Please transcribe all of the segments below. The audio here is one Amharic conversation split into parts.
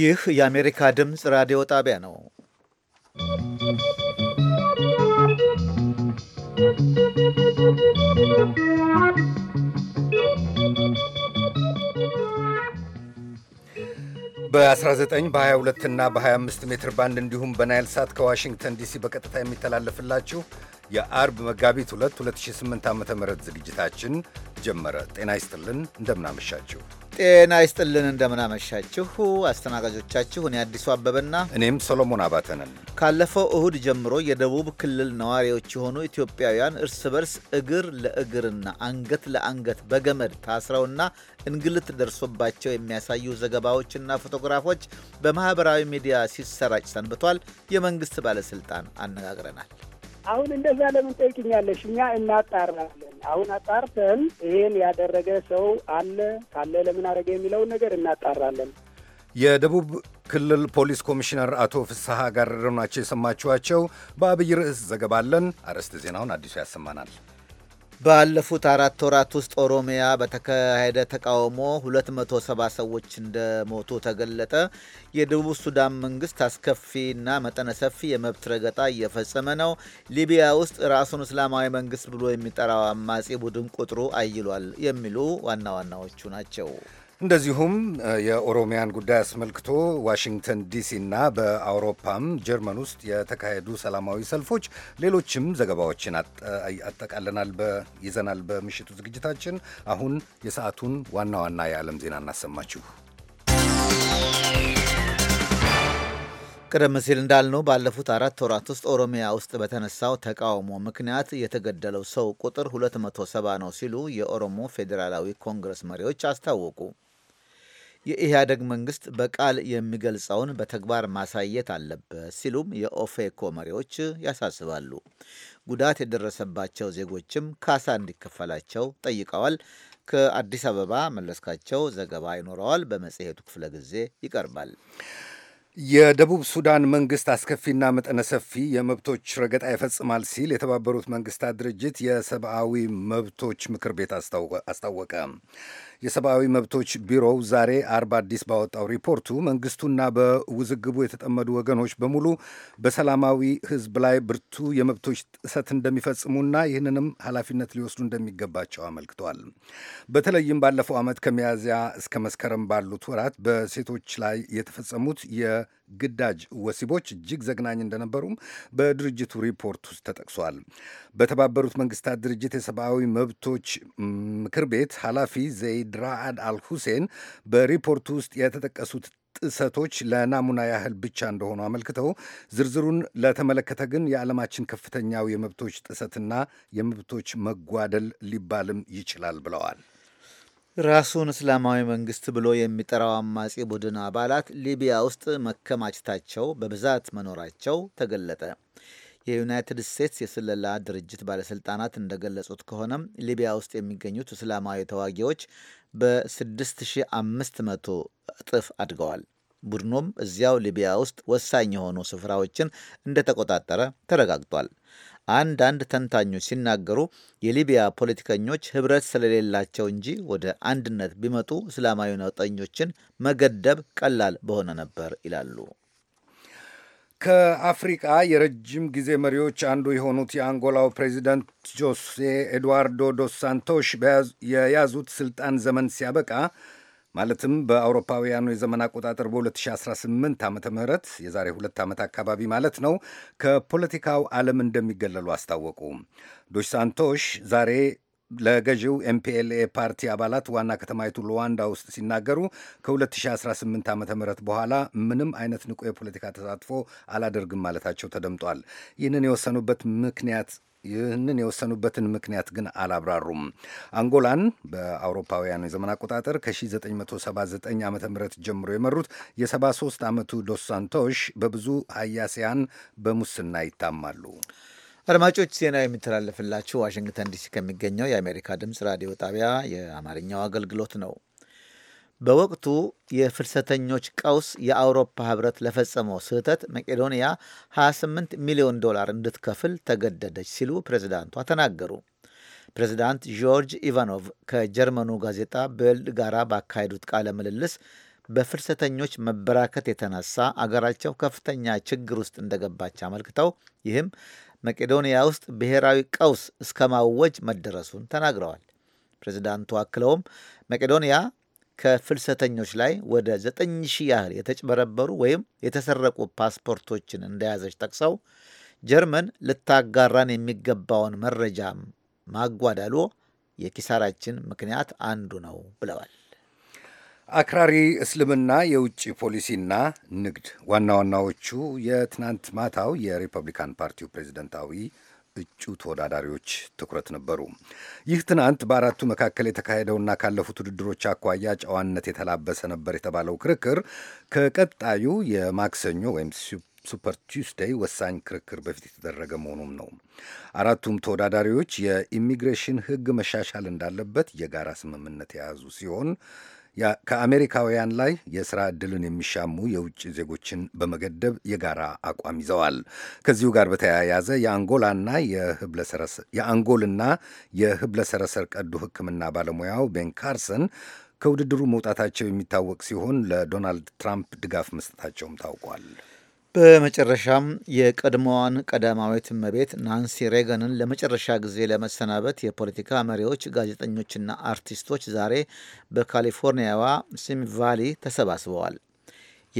ይህ የአሜሪካ ድምፅ ራዲዮ ጣቢያ ነው። በ19 በ22 እና በ25 ሜትር ባንድ እንዲሁም በናይል ሳት ከዋሽንግተን ዲሲ በቀጥታ የሚተላለፍላችሁ የአርብ መጋቢት 2 2008 ዓ ም ዝግጅታችን ጀመረ። ጤና ይስጥልን፣ እንደምናመሻችሁ ጤና ይስጥልን እንደምናመሻችሁ። አስተናጋጆቻችሁ እኔ አዲሱ አበበና እኔም ሰሎሞን አባተ ነን። ካለፈው እሁድ ጀምሮ የደቡብ ክልል ነዋሪዎች የሆኑ ኢትዮጵያውያን እርስ በርስ እግር ለእግርና አንገት ለአንገት በገመድ ታስረውና እንግልት ደርሶባቸው የሚያሳዩ ዘገባዎችና ፎቶግራፎች በማኅበራዊ ሚዲያ ሲሰራጭ ሰንብቷል። የመንግሥት ባለሥልጣን አነጋግረናል። አሁን እንደዛ ለምን ጠይቅኛለሽ? እኛ እናጣራለን። አሁን አጣርተን ይህን ያደረገ ሰው አለ ካለ ለምን አደረገ የሚለውን ነገር እናጣራለን። የደቡብ ክልል ፖሊስ ኮሚሽነር አቶ ፍስሐ ጋር ናቸው የሰማችኋቸው። በአብይ ርዕስ ዘገባለን አርዕስተ ዜናውን አዲሱ ያሰማናል። ባለፉት አራት ወራት ውስጥ ኦሮሚያ በተካሄደ ተቃውሞ 270 ሰዎች እንደሞቱ ተገለጠ። የደቡብ ሱዳን መንግስት አስከፊና መጠነ ሰፊ የመብት ረገጣ እየፈጸመ ነው። ሊቢያ ውስጥ ራሱን እስላማዊ መንግስት ብሎ የሚጠራው አማጺ ቡድን ቁጥሩ አይሏል። የሚሉ ዋና ዋናዎቹ ናቸው። እንደዚሁም የኦሮሚያን ጉዳይ አስመልክቶ ዋሽንግተን ዲሲና በአውሮፓም ጀርመን ውስጥ የተካሄዱ ሰላማዊ ሰልፎች፣ ሌሎችም ዘገባዎችን አጠቃለናል ይዘናል በምሽቱ ዝግጅታችን። አሁን የሰዓቱን ዋና ዋና የዓለም ዜና እናሰማችሁ። ቀደም ሲል እንዳልነው ባለፉት አራት ወራት ውስጥ ኦሮሚያ ውስጥ በተነሳው ተቃውሞ ምክንያት የተገደለው ሰው ቁጥር 270 ነው ሲሉ የኦሮሞ ፌዴራላዊ ኮንግረስ መሪዎች አስታወቁ። የኢህአደግ መንግስት በቃል የሚገልጸውን በተግባር ማሳየት አለበት ሲሉም የኦፌኮ መሪዎች ያሳስባሉ። ጉዳት የደረሰባቸው ዜጎችም ካሳ እንዲከፈላቸው ጠይቀዋል። ከአዲስ አበባ መለስካቸው ዘገባ ይኖረዋል። በመጽሔቱ ክፍለ ጊዜ ይቀርባል። የደቡብ ሱዳን መንግስት አስከፊና መጠነ ሰፊ የመብቶች ረገጣ ይፈጽማል ሲል የተባበሩት መንግስታት ድርጅት የሰብአዊ መብቶች ምክር ቤት አስታወቀ። የሰብአዊ መብቶች ቢሮው ዛሬ አርብ አዲስ ባወጣው ሪፖርቱ መንግስቱና በውዝግቡ የተጠመዱ ወገኖች በሙሉ በሰላማዊ ህዝብ ላይ ብርቱ የመብቶች ጥሰት እንደሚፈጽሙና ይህንንም ኃላፊነት ሊወስዱ እንደሚገባቸው አመልክቷል። በተለይም ባለፈው ዓመት ከሚያዝያ እስከ መስከረም ባሉት ወራት በሴቶች ላይ የተፈጸሙት ግዳጅ ወሲቦች እጅግ ዘግናኝ እንደነበሩም በድርጅቱ ሪፖርት ውስጥ ተጠቅሷል። በተባበሩት መንግስታት ድርጅት የሰብአዊ መብቶች ምክር ቤት ኃላፊ ዘይድ ራአድ አልሁሴን በሪፖርቱ ውስጥ የተጠቀሱት ጥሰቶች ለናሙና ያህል ብቻ እንደሆኑ አመልክተው ዝርዝሩን ለተመለከተ ግን የዓለማችን ከፍተኛው የመብቶች ጥሰትና የመብቶች መጓደል ሊባልም ይችላል ብለዋል። ራሱን እስላማዊ መንግስት ብሎ የሚጠራው አማጺ ቡድን አባላት ሊቢያ ውስጥ መከማችታቸው በብዛት መኖራቸው ተገለጠ። የዩናይትድ ስቴትስ የስለላ ድርጅት ባለሥልጣናት እንደገለጹት ከሆነም ሊቢያ ውስጥ የሚገኙት እስላማዊ ተዋጊዎች በ6500 እጥፍ አድገዋል። ቡድኑም እዚያው ሊቢያ ውስጥ ወሳኝ የሆኑ ስፍራዎችን እንደተቆጣጠረ ተረጋግጧል። አንዳንድ ተንታኞች ሲናገሩ የሊቢያ ፖለቲከኞች ህብረት ስለሌላቸው እንጂ ወደ አንድነት ቢመጡ እስላማዊ ነውጠኞችን መገደብ ቀላል በሆነ ነበር ይላሉ። ከአፍሪቃ የረጅም ጊዜ መሪዎች አንዱ የሆኑት የአንጎላው ፕሬዚደንት ጆሴ ኤድዋርዶ ዶስ ሳንቶሽ የያዙት ስልጣን ዘመን ሲያበቃ ማለትም በአውሮፓውያኑ የዘመን አቆጣጠር በ2018 ዓ ምህረት የዛሬ ሁለት ዓመት አካባቢ ማለት ነው ከፖለቲካው ዓለም እንደሚገለሉ አስታወቁ። ዶሽ ሳንቶሽ ዛሬ ለገዢው ኤምፒኤልኤ ፓርቲ አባላት ዋና ከተማይቱ ሉዋንዳ ውስጥ ሲናገሩ ከ2018 ዓ ም በኋላ ምንም አይነት ንቁ የፖለቲካ ተሳትፎ አላደርግም ማለታቸው ተደምጧል። ይህንን የወሰኑበት ምክንያት ይህንን የወሰኑበትን ምክንያት ግን አላብራሩም። አንጎላን በአውሮፓውያኑ የዘመን አቆጣጠር ከ1979 ዓ ም ጀምሮ የመሩት የ73 ዓመቱ ዶስ ሳንቶሽ በብዙ ሀያሲያን በሙስና ይታማሉ። አድማጮች ዜና የሚተላለፍላችሁ ዋሽንግተን ዲሲ ከሚገኘው የአሜሪካ ድምፅ ራዲዮ ጣቢያ የአማርኛው አገልግሎት ነው። በወቅቱ የፍልሰተኞች ቀውስ የአውሮፓ ህብረት ለፈጸመው ስህተት መቄዶንያ 28 ሚሊዮን ዶላር እንድትከፍል ተገደደች ሲሉ ፕሬዚዳንቷ ተናገሩ። ፕሬዚዳንት ጆርጅ ኢቫኖቭ ከጀርመኑ ጋዜጣ ብልድ ጋራ ባካሄዱት ቃለ ምልልስ በፍልሰተኞች መበራከት የተነሳ አገራቸው ከፍተኛ ችግር ውስጥ እንደገባች አመልክተው ይህም መቄዶንያ ውስጥ ብሔራዊ ቀውስ እስከ ማወጅ መደረሱን ተናግረዋል። ፕሬዚዳንቱ አክለውም መቄዶንያ ከፍልሰተኞች ላይ ወደ 9000 ያህል የተጭበረበሩ ወይም የተሰረቁ ፓስፖርቶችን እንደያዘች ጠቅሰው ጀርመን ልታጋራን የሚገባውን መረጃ ማጓዳሎ የኪሳራችን ምክንያት አንዱ ነው ብለዋል። አክራሪ እስልምና የውጭ ፖሊሲና ንግድ ዋና ዋናዎቹ የትናንት ማታው የሪፐብሊካን ፓርቲው ፕሬዝደንታዊ እጩ ተወዳዳሪዎች ትኩረት ነበሩ። ይህ ትናንት በአራቱ መካከል የተካሄደውና ካለፉት ውድድሮች አኳያ ጨዋነት የተላበሰ ነበር የተባለው ክርክር ከቀጣዩ የማክሰኞ ወይም ሱፐር ቱስደይ ወሳኝ ክርክር በፊት የተደረገ መሆኑም ነው። አራቱም ተወዳዳሪዎች የኢሚግሬሽን ሕግ መሻሻል እንዳለበት የጋራ ስምምነት የያዙ ሲሆን ከአሜሪካውያን ላይ የሥራ ዕድልን የሚሻሙ የውጭ ዜጎችን በመገደብ የጋራ አቋም ይዘዋል። ከዚሁ ጋር በተያያዘ የአንጎላና የአንጎልና የህብለ ሰረሰር ቀዶ ሕክምና ባለሙያው ቤን ካርሰን ከውድድሩ መውጣታቸው የሚታወቅ ሲሆን ለዶናልድ ትራምፕ ድጋፍ መስጠታቸውም ታውቋል። በመጨረሻም የቀድሞዋን ቀዳማዊት እመቤት ናንሲ ሬገንን ለመጨረሻ ጊዜ ለመሰናበት የፖለቲካ መሪዎች፣ ጋዜጠኞችና አርቲስቶች ዛሬ በካሊፎርኒያዋ ሲሚ ቫሊ ተሰባስበዋል።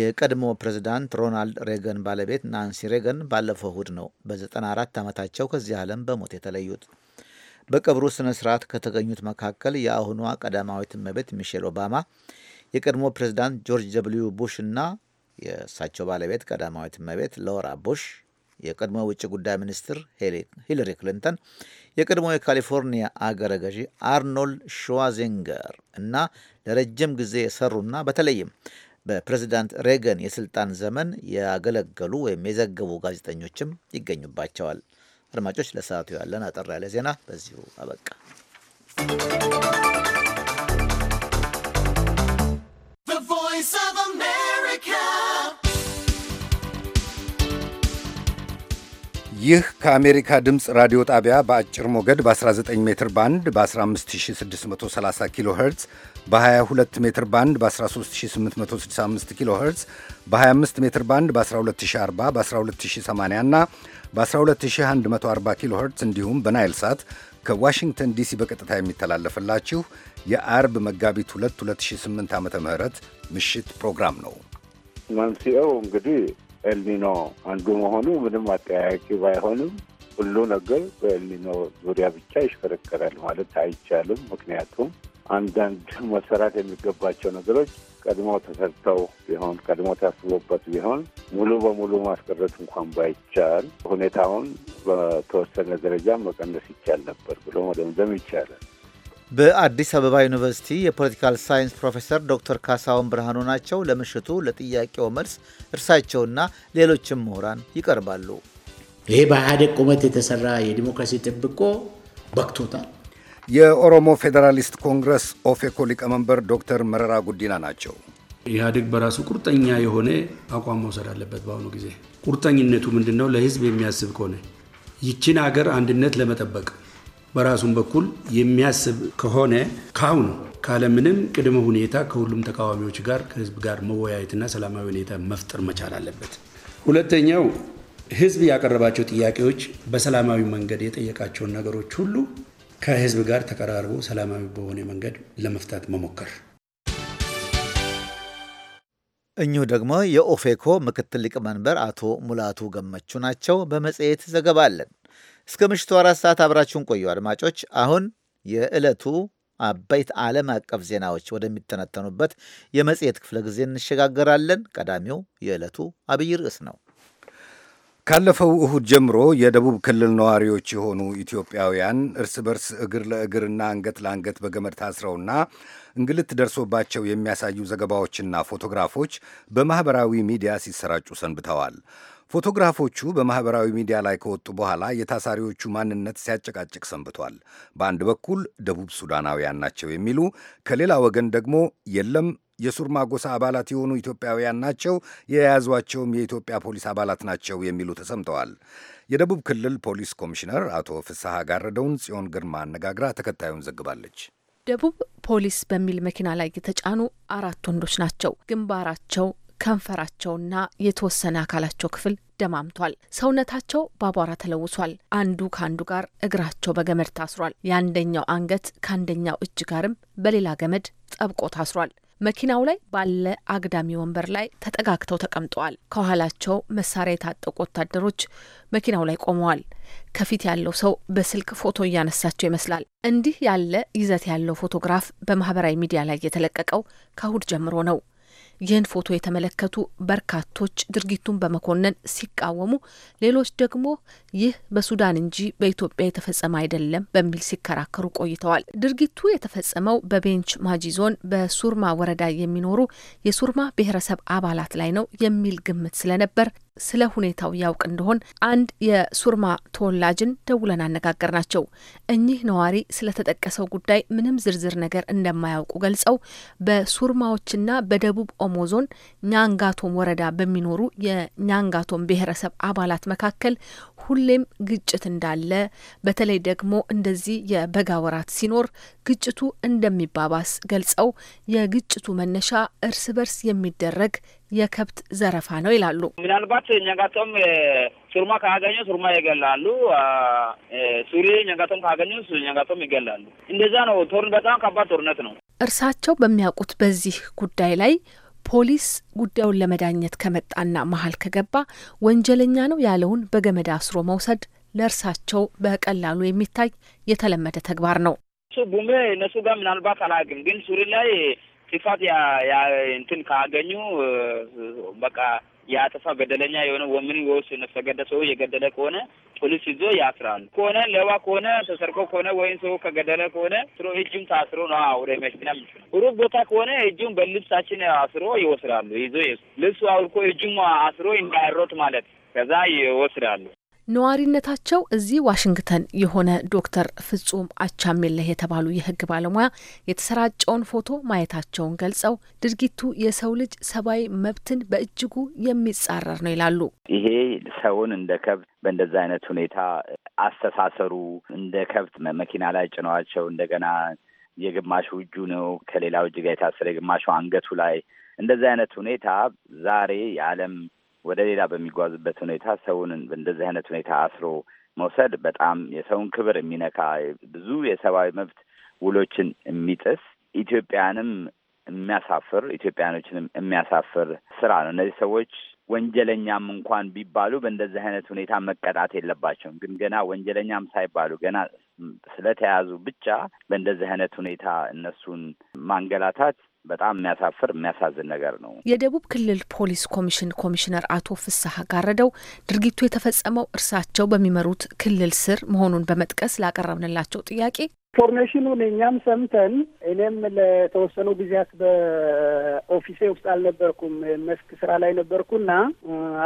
የቀድሞ ፕሬዚዳንት ሮናልድ ሬገን ባለቤት ናንሲ ሬገን ባለፈው እሁድ ነው በ94 ዓመታቸው ከዚህ ዓለም በሞት የተለዩት። በቀብሩ ስነ ስርዓት ከተገኙት መካከል የአሁኗ ቀዳማዊት እመቤት ሚሼል ኦባማ፣ የቀድሞ ፕሬዚዳንት ጆርጅ ደብልዩ ቡሽ እና የእሳቸው ባለቤት ቀዳማዊት እመቤት ሎራ ቡሽ፣ የቀድሞ ውጭ ጉዳይ ሚኒስትር ሂለሪ ክሊንተን፣ የቀድሞ የካሊፎርኒያ አገረ ገዢ አርኖልድ ሽዋዜንገር እና ለረጅም ጊዜ የሰሩና በተለይም በፕሬዚዳንት ሬገን የስልጣን ዘመን ያገለገሉ ወይም የዘገቡ ጋዜጠኞችም ይገኙባቸዋል። አድማጮች፣ ለሰዓቱ ያለን አጠር ያለ ዜና በዚሁ አበቃ። ይህ ከአሜሪካ ድምፅ ራዲዮ ጣቢያ በአጭር ሞገድ በ19 ሜትር ባንድ በ15630 ኪሎ ኸርትዝ በ22 ሜትር ባንድ በ13865 ኪሎ ኸርትዝ በ25 ሜትር ባንድ በ12040 በ12080 እና በ12140 ኪሎ ኸርትዝ እንዲሁም በናይል ሳት ከዋሽንግተን ዲሲ በቀጥታ የሚተላለፍላችሁ የአርብ መጋቢት 2 2008 ዓ ም ምሽት ፕሮግራም ነው። መንስኤው እንግዲህ ኤልኒኖ አንዱ መሆኑ ምንም አጠያያቂ ባይሆንም ሁሉ ነገር በኤልኒኖ ዙሪያ ብቻ ይሽከረከራል ማለት አይቻልም። ምክንያቱም አንዳንድ መሰራት የሚገባቸው ነገሮች ቀድሞ ተሰርተው ቢሆን ቀድሞ ታስቦበት ቢሆን ሙሉ በሙሉ ማስቀረት እንኳን ባይቻል ሁኔታውን በተወሰነ ደረጃ መቀነስ ይቻል ነበር ብሎ መደምደም ይቻላል። በአዲስ አበባ ዩኒቨርሲቲ የፖለቲካል ሳይንስ ፕሮፌሰር ዶክተር ካሳሁን ብርሃኑ ናቸው። ለምሽቱ ለጥያቄው መልስ እርሳቸውና ሌሎችም ምሁራን ይቀርባሉ። ይሄ በኢህአዴግ ቁመት የተሰራ የዲሞክራሲ ጥብቆ በክቶታል። የኦሮሞ ፌዴራሊስት ኮንግረስ ኦፌኮ ሊቀመንበር ዶክተር መረራ ጉዲና ናቸው። ኢህአዴግ በራሱ ቁርጠኛ የሆነ አቋም መውሰድ አለበት። በአሁኑ ጊዜ ቁርጠኝነቱ ምንድን ነው? ለህዝብ የሚያስብ ከሆነ ይችን ሀገር አንድነት ለመጠበቅ በራሱን በኩል የሚያስብ ከሆነ ካሁኑ ካለምንም ቅድመ ሁኔታ ከሁሉም ተቃዋሚዎች ጋር ከህዝብ ጋር መወያየትና ሰላማዊ ሁኔታ መፍጠር መቻል አለበት። ሁለተኛው ህዝብ ያቀረባቸው ጥያቄዎች በሰላማዊ መንገድ የጠየቃቸውን ነገሮች ሁሉ ከህዝብ ጋር ተቀራርቦ ሰላማዊ በሆነ መንገድ ለመፍታት መሞከር። እኚሁ ደግሞ የኦፌኮ ምክትል ሊቀመንበር አቶ ሙላቱ ገመቹ ናቸው። በመጽሔት ዘገባ አለን። እስከ ምሽቱ አራት ሰዓት አብራችሁን ቆዩ አድማጮች። አሁን የዕለቱ አበይት ዓለም አቀፍ ዜናዎች ወደሚተነተኑበት የመጽሔት ክፍለ ጊዜ እንሸጋገራለን። ቀዳሚው የዕለቱ አብይ ርዕስ ነው። ካለፈው እሁድ ጀምሮ የደቡብ ክልል ነዋሪዎች የሆኑ ኢትዮጵያውያን እርስ በርስ እግር ለእግርና አንገት ለአንገት በገመድ ታስረውና እንግልት ደርሶባቸው የሚያሳዩ ዘገባዎችና ፎቶግራፎች በማኅበራዊ ሚዲያ ሲሰራጩ ሰንብተዋል። ፎቶግራፎቹ በማኅበራዊ ሚዲያ ላይ ከወጡ በኋላ የታሳሪዎቹ ማንነት ሲያጨቃጭቅ ሰንብቷል። በአንድ በኩል ደቡብ ሱዳናውያን ናቸው የሚሉ፣ ከሌላ ወገን ደግሞ የለም የሱርማ ጎሳ አባላት የሆኑ ኢትዮጵያውያን ናቸው፣ የያዟቸውም የኢትዮጵያ ፖሊስ አባላት ናቸው የሚሉ ተሰምተዋል። የደቡብ ክልል ፖሊስ ኮሚሽነር አቶ ፍስሐ ጋረደውን ጽዮን ግርማ አነጋግራ ተከታዩን ዘግባለች። ደቡብ ፖሊስ በሚል መኪና ላይ የተጫኑ አራት ወንዶች ናቸው። ግንባራቸው ከንፈራቸውና የተወሰነ አካላቸው ክፍል ደማምቷል። ሰውነታቸው በአቧራ ተለውሷል። አንዱ ከአንዱ ጋር እግራቸው በገመድ ታስሯል። የአንደኛው አንገት ከአንደኛው እጅ ጋርም በሌላ ገመድ ጠብቆ ታስሯል። መኪናው ላይ ባለ አግዳሚ ወንበር ላይ ተጠጋግተው ተቀምጠዋል። ከኋላቸው መሳሪያ የታጠቁ ወታደሮች መኪናው ላይ ቆመዋል። ከፊት ያለው ሰው በስልክ ፎቶ እያነሳቸው ይመስላል። እንዲህ ያለ ይዘት ያለው ፎቶግራፍ በማህበራዊ ሚዲያ ላይ የተለቀቀው ከእሁድ ጀምሮ ነው። ይህን ፎቶ የተመለከቱ በርካቶች ድርጊቱን በመኮነን ሲቃወሙ፣ ሌሎች ደግሞ ይህ በሱዳን እንጂ በኢትዮጵያ የተፈጸመ አይደለም በሚል ሲከራከሩ ቆይተዋል። ድርጊቱ የተፈጸመው በቤንች ማጂ ዞን በሱርማ ወረዳ የሚኖሩ የሱርማ ብሔረሰብ አባላት ላይ ነው የሚል ግምት ስለነበር ስለ ሁኔታው ያውቅ እንደሆን አንድ የሱርማ ተወላጅን ደውለን አነጋገር ናቸው። እኚህ ነዋሪ ስለተጠቀሰው ጉዳይ ምንም ዝርዝር ነገር እንደማያውቁ ገልጸው በሱርማዎችና በደቡብ ኦሞ ዞን ኛንጋቶም ወረዳ በሚኖሩ የኛንጋቶም ብሔረሰብ አባላት መካከል ሁሌም ግጭት እንዳለ በተለይ ደግሞ እንደዚህ የበጋ ወራት ሲኖር ግጭቱ እንደሚባባስ ገልጸው የግጭቱ መነሻ እርስ በርስ የሚደረግ የከብት ዘረፋ ነው ይላሉ። ምናልባት ኛጋቶም ሱርማ ካገኙ ሱርማ ይገላሉ፣ ሱሪ ኛጋቶም ካገኙ ኛጋቶም ይገላሉ። እንደዛ ነው። ቶርን በጣም ከባድ ጦርነት ነው። እርሳቸው በሚያውቁት በዚህ ጉዳይ ላይ ፖሊስ ጉዳዩን ለመዳኘት ከመጣና መሀል ከገባ ወንጀለኛ ነው ያለውን በገመድ አስሮ መውሰድ ለእርሳቸው በቀላሉ የሚታይ የተለመደ ተግባር ነው። እሱ ቡሜ እነሱ ጋር ምናልባት አላውቅም፣ ግን ሱሪ ላይ ጥፋት እንትን ካገኙ በቃ የአጥፋ በደለኛ የሆነ ወምን ወስ ነፍሰ ገዳይ ሰው የገደለ ከሆነ ፖሊስ ይዞ ያስራል ከሆነ ለዋ ከሆነ ተሰርቆ ከሆነ ወይም ሰው ከገደለ ከሆነ ስሮ እጁም ታስሮ ነ አውሬ መኪና ሩቅ ቦታ ከሆነ እጁም በልብሳችን አስሮ ይወስዳሉ። ይዞ ልብሱ አውልቆ እጁም አስሮ እንዳይሮት ማለት ከዛ ይወስዳሉ። ነዋሪነታቸው እዚህ ዋሽንግተን የሆነ ዶክተር ፍጹም አቻሜለህ የተባሉ የህግ ባለሙያ የተሰራጨውን ፎቶ ማየታቸውን ገልጸው ድርጊቱ የሰው ልጅ ሰብአዊ መብትን በእጅጉ የሚጻረር ነው ይላሉ። ይሄ ሰውን እንደ ከብት በእንደዛ አይነት ሁኔታ አስተሳሰሩ እንደ ከብት መኪና ላይ ጭነዋቸው እንደገና የግማሹ እጁ ነው ከሌላው እጅ ጋር የታሰረ የግማሹ አንገቱ ላይ እንደዚህ አይነት ሁኔታ ዛሬ የዓለም ወደ ሌላ በሚጓዙበት ሁኔታ ሰውን እንደዚህ አይነት ሁኔታ አስሮ መውሰድ በጣም የሰውን ክብር የሚነካ ብዙ የሰብአዊ መብት ውሎችን የሚጥስ ኢትዮጵያንም የሚያሳፍር ኢትዮጵያኖችንም የሚያሳፍር ስራ ነው። እነዚህ ሰዎች ወንጀለኛም እንኳን ቢባሉ በእንደዚህ አይነት ሁኔታ መቀጣት የለባቸውም። ግን ገና ወንጀለኛም ሳይባሉ ገና ስለተያዙ ብቻ በእንደዚህ አይነት ሁኔታ እነሱን ማንገላታት በጣም የሚያሳፍር የሚያሳዝን ነገር ነው። የደቡብ ክልል ፖሊስ ኮሚሽን ኮሚሽነር አቶ ፍስሀ ጋረደው ድርጊቱ የተፈጸመው እርሳቸው በሚመሩት ክልል ስር መሆኑን በመጥቀስ ላቀረብንላቸው ጥያቄ ኢንፎርሜሽኑን እኛም ሰምተን እኔም ለተወሰኑ ጊዜያት በኦፊሴ ውስጥ አልነበርኩም፣ መስክ ስራ ላይ ነበርኩና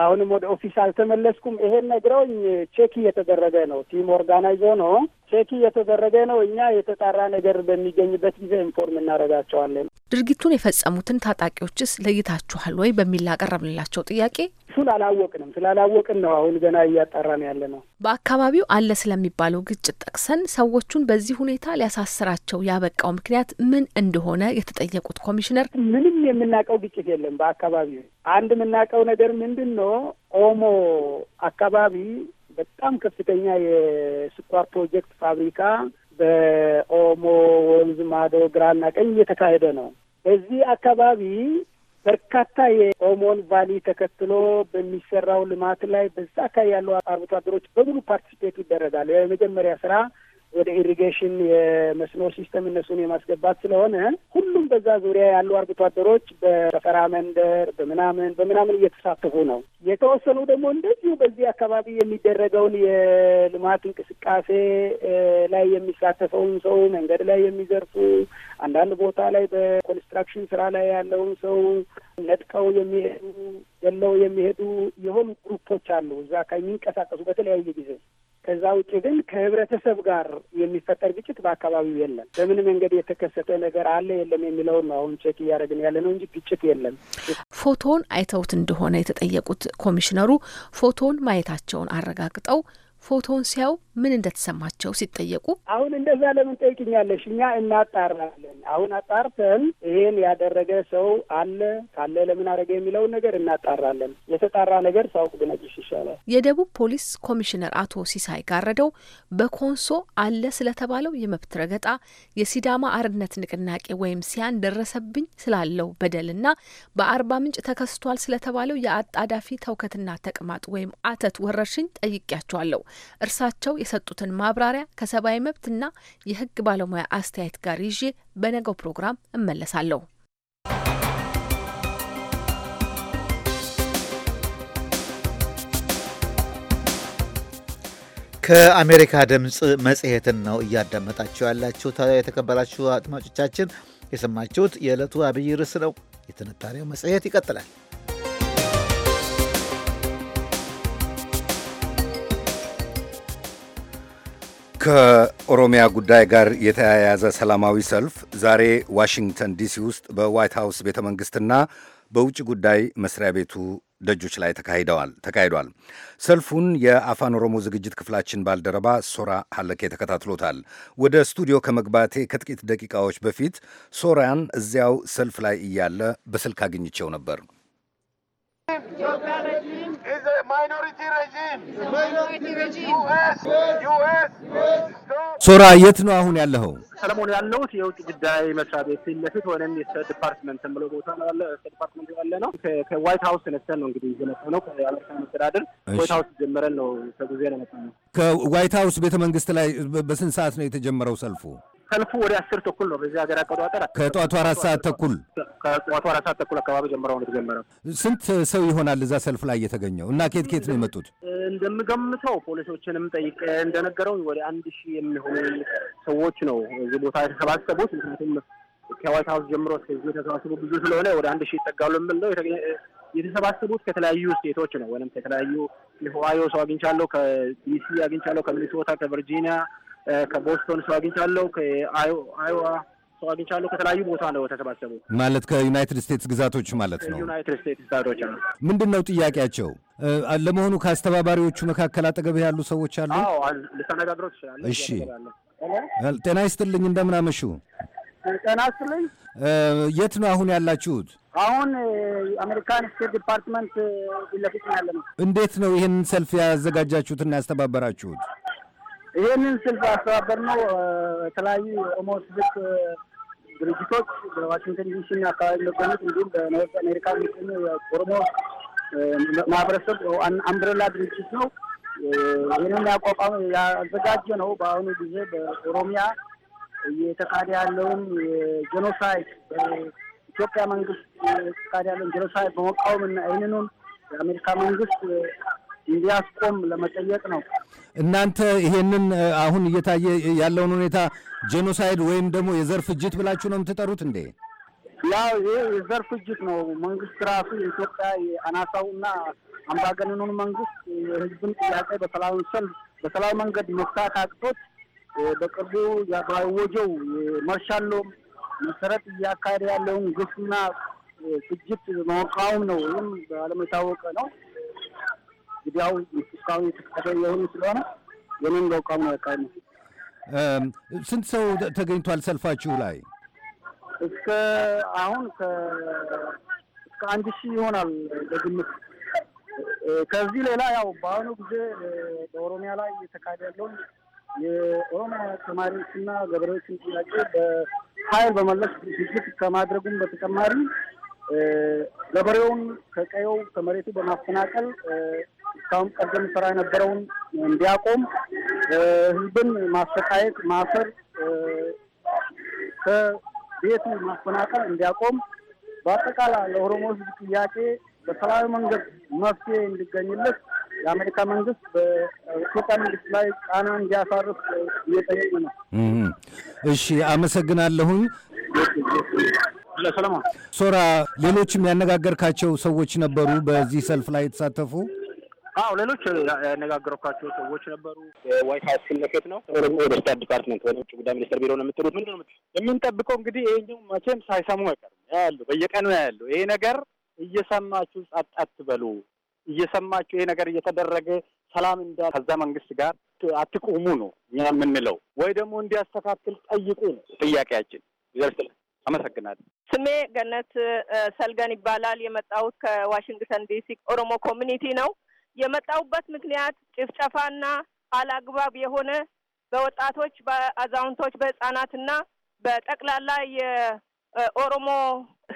አሁንም ወደ ኦፊስ አልተመለስኩም። ይሄን ነግረውኝ ቼክ እየተደረገ ነው። ቲም ኦርጋናይዞ ነው ቼክ እየተደረገ ነው። እኛ የተጣራ ነገር በሚገኝበት ጊዜ ኢንፎርም እናደርጋቸዋለን። ድርጊቱን የፈጸሙትን ታጣቂዎችስ ለይታችኋል ወይ በሚል ላቀረብንላቸው ጥያቄ እሱን አላወቅንም። ስላላወቅን ነው አሁን ገና እያጣራን ያለ ነው። በአካባቢው አለ ስለሚባለው ግጭት ጠቅሰን ሰዎቹን በዚህ ሁኔታ ሊያሳስራቸው ያበቃው ምክንያት ምን እንደሆነ የተጠየቁት ኮሚሽነር ምንም የምናውቀው ግጭት የለም በአካባቢው። አንድ የምናውቀው ነገር ምንድን ነው ኦሞ አካባቢ በጣም ከፍተኛ የስኳር ፕሮጀክት ፋብሪካ በኦሞ ወንዝ ማዶ ግራና ቀኝ እየተካሄደ ነው። በዚህ አካባቢ በርካታ የኦሞን ቫሊ ተከትሎ በሚሰራው ልማት ላይ በዛ አካባቢ ያሉ አርብቶ አደሮች በሙሉ ፓርቲስፔቱ ይደረጋል። የመጀመሪያ ስራ ወደ ኢሪጌሽን የመስኖ ሲስተም እነሱን የማስገባት ስለሆነ ሁሉም በዛ ዙሪያ ያሉ አርብቶ አደሮች በፈራ መንደር በምናምን በምናምን እየተሳተፉ ነው። የተወሰኑ ደግሞ እንደዚሁ በዚህ አካባቢ የሚደረገውን የልማት እንቅስቃሴ ላይ የሚሳተፈውን ሰው መንገድ ላይ የሚዘርፉ አንዳንድ ቦታ ላይ በኮንስትራክሽን ስራ ላይ ያለውን ሰው ነጥቀው የሚሄዱ ገለው የሚሄዱ የሆኑ ግሩፖች አሉ እዛ ከሚንቀሳቀሱ በተለያየ ጊዜ ከዛ ውጭ ግን ከህብረተሰብ ጋር የሚፈጠር ግጭት በአካባቢው የለም። በምን መንገድ የተከሰተ ነገር አለ የለም የሚለውን ነው አሁን ቼክ እያደረግን ያለ ነው እንጂ ግጭት የለም። ፎቶውን አይተውት እንደሆነ የተጠየቁት ኮሚሽነሩ ፎቶውን ማየታቸውን አረጋግጠው ፎቶውን ሲያው ምን እንደተሰማቸው ሲጠየቁ አሁን እንደዛ ለምን ጠይቅኛለሽ? እኛ እናጣራለን። አሁን አጣርተን ይሄን ያደረገ ሰው አለ ካለ ለምን አደረገ የሚለውን ነገር እናጣራለን። የተጣራ ነገር ሳውቅ ብነግርሽ ይሻላል። የደቡብ ፖሊስ ኮሚሽነር አቶ ሲሳይ ጋረደው በኮንሶ አለ ስለተባለው የመብት ረገጣ የሲዳማ አርነት ንቅናቄ ወይም ሲያን ደረሰብኝ ስላለው በደልና በአርባ ምንጭ ተከስቷል ስለተባለው የአጣዳፊ ተውከትና ተቅማጥ ወይም አተት ወረርሽኝ ጠይቄያቸዋለሁ እርሳቸው የሰጡትን ማብራሪያ ከሰብአዊ መብትና የህግ ባለሙያ አስተያየት ጋር ይዤ በነገው ፕሮግራም እመለሳለሁ። ከአሜሪካ ድምፅ መጽሔትን ነው እያዳመጣችሁ ያላችሁ። የተከበራችሁ አድማጮቻችን የሰማችሁት የዕለቱ አብይ ርዕስ ነው። የትንታኔው መጽሔት ይቀጥላል። ከኦሮሚያ ጉዳይ ጋር የተያያዘ ሰላማዊ ሰልፍ ዛሬ ዋሽንግተን ዲሲ ውስጥ በዋይት ሀውስ ቤተ መንግሥትና በውጭ ጉዳይ መስሪያ ቤቱ ደጆች ላይ ተካሂዷል። ሰልፉን የአፋን ኦሮሞ ዝግጅት ክፍላችን ባልደረባ ሶራ ሀለኬ ተከታትሎታል። ወደ ስቱዲዮ ከመግባቴ ከጥቂት ደቂቃዎች በፊት ሶራን እዚያው ሰልፍ ላይ እያለ በስልክ አግኝቼው ነበር። ሶራ የት ነው አሁን ያለኸው? ሰለሞን ያለሁት የውጭ ጉዳይ መስሪያ ቤት ፊት ለፊት ወይም የስቴት ዲፓርትመንት ብሎ ቦታ ነው ያለ። ስቴት ዲፓርትመንት ያለ ነው። ከዋይት ሀውስ ነስተን ነው እንግዲህ የመጣ ነው። ከአሜሪካ መስተዳድር ዋይት ሀውስ ጀመረን ነው ተጉዜ ነው ነው። ከዋይት ሀውስ ቤተ መንግስት ላይ በስንት ሰዓት ነው የተጀመረው ሰልፉ? ሰልፉ ወደ አስር ተኩል ነው በዚህ ሀገር አቆጣጠር ከጠዋቱ አራት ሰዓት ተኩል ከጠዋቱ አራት ሰዓት ተኩል አካባቢ ጀምረው ነው የተጀመረው። ስንት ሰው ይሆናል እዛ ሰልፍ ላይ እየተገኘው እና ኬት ኬት ነው የመጡት? እንደምገምተው ፖሊሶችንም ጠይቀ እንደነገረው ወደ አንድ ሺህ የሚሆኑ ሰዎች ነው እዚህ ቦታ የተሰባሰቡት። ምክንያቱም ከዋይት ሀውስ ጀምሮ እስከዚህ የተሰባሰቡ ብዙ ስለሆነ ወደ አንድ ሺህ ይጠጋሉ የምል ነው የተሰባሰቡት ከተለያዩ ስቴቶች ነው ወይም ከተለያዩ ኦሃዮ ሰው አግኝቻለሁ፣ ከዲሲ አግኝቻለሁ፣ ከሚኒሶታ፣ ከቨርጂኒያ ከቦስቶን ሰው አግኝቻለሁ፣ ከአይዋ ሰው አግኝቻለሁ። ከተለያዩ ቦታ ነው ተሰባሰቡ። ማለት ከዩናይትድ ስቴትስ ግዛቶች ማለት ነው። ዩናይትድ ስቴትስ ግዛቶች ነው። ምንድን ነው ጥያቄያቸው? ለመሆኑ ከአስተባባሪዎቹ መካከል አጠገብህ ያሉ ሰዎች አሉ? ልታነጋግረው ትችላለህ? እሺ። ጤና ይስጥልኝ፣ እንደምን አመሹ? ጤና ይስጥልኝ። የት ነው አሁን ያላችሁት? አሁን አሜሪካን ስቴት ዲፓርትመንት ፊት ለፊት ያለ ነው። እንዴት ነው ይህንን ሰልፍ ያዘጋጃችሁትና ያስተባበራችሁት? ይህንን ስልት አስተባበር ነው የተለያዩ የኦሞ ስብክ ድርጅቶች በዋሽንግተን ዲሲ አካባቢ የሚገኙት እንዲሁም በኖርዝ አሜሪካ የሚገኙ የኦሮሞ ማህበረሰብ አምብሬላ ድርጅት ነው። ይህንን ያቋቋመ ያዘጋጀ ነው። በአሁኑ ጊዜ በኦሮሚያ እየተካሄደ ያለውን የጄኖሳይድ በኢትዮጵያ መንግስት እየተካሄደ ያለውን ጄኖሳይድ በመቃወም እና ይህንኑን የአሜሪካ መንግስት እንዲያስቆም ለመጠየቅ ነው። እናንተ ይሄንን አሁን እየታየ ያለውን ሁኔታ ጄኖሳይድ ወይም ደግሞ የዘር ፍጅት ብላችሁ ነው የምትጠሩት እንዴ? ያው ይሄ የዘር ፍጅት ነው። መንግስት ራሱ የኢትዮጵያ የአናሳውና አምባገነኑን መንግስት የህዝብን ጥያቄ በሰላማዊ ሰልፍ በሰላማዊ መንገድ መፍታት አቅቶት በቅርቡ ባወጀው የመርሻሎ መሰረት እያካሄደ ያለውን ግፍና ፍጅት መቃወም ነው። ወይም በዓለም የታወቀ ነው። ግዲያው እስካሁን የተከፈተ የሆኑ ስለሆነ የምን በውቃም ነው ያቃኝ። ስንት ሰው ተገኝቷል ሰልፋችሁ ላይ? እስከ አሁን እስከ አንድ ሺህ ይሆናል በግምት። ከዚህ ሌላ ያው በአሁኑ ጊዜ በኦሮሚያ ላይ እየተካሄደ ያለውን የኦሮሚያ ተማሪዎችና ገበሬዎችን ጥያቄ በኃይል በመለስ ድርጅት ከማድረጉም በተጨማሪ ገበሬውን ከቀየው ከመሬቱ በማፈናቀል ካሁን ቀደም ስራ የነበረውን እንዲያቆም፣ ህዝብን ማሰቃየት፣ ማሰር፣ ከቤቱ ማፈናቀል እንዲያቆም፣ በአጠቃላይ ለኦሮሞ ህዝብ ጥያቄ በሰላማዊ መንገድ መፍትሄ እንዲገኝለት የአሜሪካ መንግስት በኢትዮጵያ መንግስት ላይ ጫና እንዲያሳርፍ እየጠየቅ ነው። እሺ፣ አመሰግናለሁኝ። ሶራ፣ ሌሎችም ያነጋገርካቸው ሰዎች ነበሩ በዚህ ሰልፍ ላይ የተሳተፉ? አዎ ሌሎች ያነጋገርኳቸው ሰዎች ነበሩ። ዋይት ዋይፋይ ሲለከት ነው ደግሞ ወደ ስታት ዲፓርትመንት ወደ ውጭ ጉዳይ ሚኒስትር ቢሮ ነው የምትሉት። ምንድን ነው የምንጠብቀው? እንግዲህ ይሄኛው መቼም ሳይሰሙ አይቀርም ያለው በየቀኑ ያለው ይሄ ነገር እየሰማችሁ ጸጥ አትበሉ፣ እየሰማችሁ ይሄ ነገር እየተደረገ ሰላም እንዳ ከዛ መንግስት ጋር አትቁሙ ነው እኛ የምንለው፣ ወይ ደግሞ እንዲያስተካክል ጠይቁ ነው ጥያቄያችን። ይዘርስል አመሰግናለሁ። ስሜ ገነት ሰልገን ይባላል። የመጣሁት ከዋሽንግተን ዲሲ ኦሮሞ ኮሚኒቲ ነው። የመጣውበት ምክንያት ጭፍጨፋና አላግባብ የሆነ በወጣቶች፣ በአዛውንቶች፣ በህጻናትና በጠቅላላ የኦሮሞ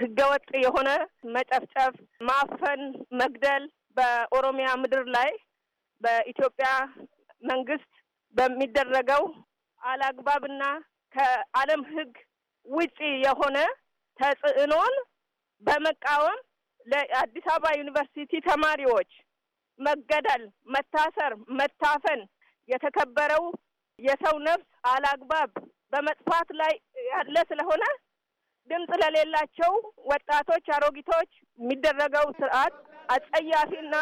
ህገወጥ የሆነ መጨፍጨፍ፣ ማፈን፣ መግደል በኦሮሚያ ምድር ላይ በኢትዮጵያ መንግስት በሚደረገው አላግባብና ከዓለም ህግ ውጪ የሆነ ተጽዕኖን በመቃወም ለአዲስ አበባ ዩኒቨርሲቲ ተማሪዎች መገደል፣ መታሰር፣ መታፈን የተከበረው የሰው ነፍስ አላግባብ በመጥፋት ላይ ያለ ስለሆነ ድምፅ ለሌላቸው ወጣቶች፣ አሮጊቶች የሚደረገው ስርዓት አጸያፊና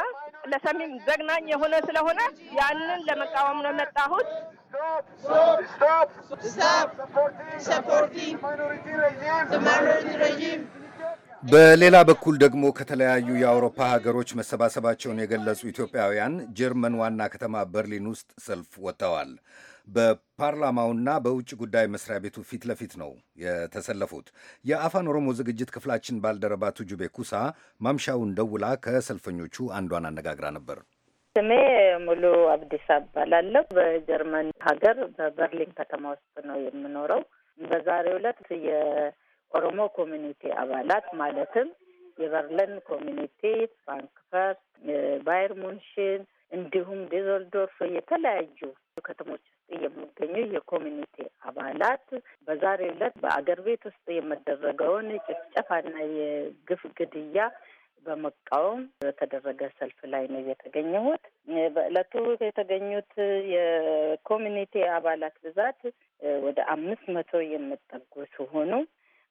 ለሰሚም ዘግናኝ የሆነ ስለሆነ ያንን ለመቃወም ነው የመጣሁት። በሌላ በኩል ደግሞ ከተለያዩ የአውሮፓ ሀገሮች መሰባሰባቸውን የገለጹ ኢትዮጵያውያን ጀርመን ዋና ከተማ በርሊን ውስጥ ሰልፍ ወጥተዋል። በፓርላማውና በውጭ ጉዳይ መስሪያ ቤቱ ፊት ለፊት ነው የተሰለፉት። የአፋን ኦሮሞ ዝግጅት ክፍላችን ባልደረባ ቱጁቤ ኩሳ ማምሻውን ደውላ ከሰልፈኞቹ አንዷን አነጋግራ ነበር። ስሜ ሙሉ አብዲሳ እባላለሁ። በጀርመን ሀገር በበርሊን ከተማ ውስጥ ነው የምኖረው። በዛሬው ዕለት ኦሮሞ ኮሚኒቲ አባላት ማለትም የበርለን ኮሚኒቲ፣ ፍራንክፈርት፣ ባየር ሙንሽን እንዲሁም ዴዘልዶርፍ የተለያዩ ከተሞች ውስጥ የሚገኙ የኮሚኒቲ አባላት በዛሬ ዕለት በአገር ቤት ውስጥ የመደረገውን ጭፍጨፋና የግፍ ግድያ በመቃወም በተደረገ ሰልፍ ላይ ነው የተገኘሁት። በዕለቱ የተገኙት የኮሚኒቲ አባላት ብዛት ወደ አምስት መቶ የሚጠጉ ሲሆኑ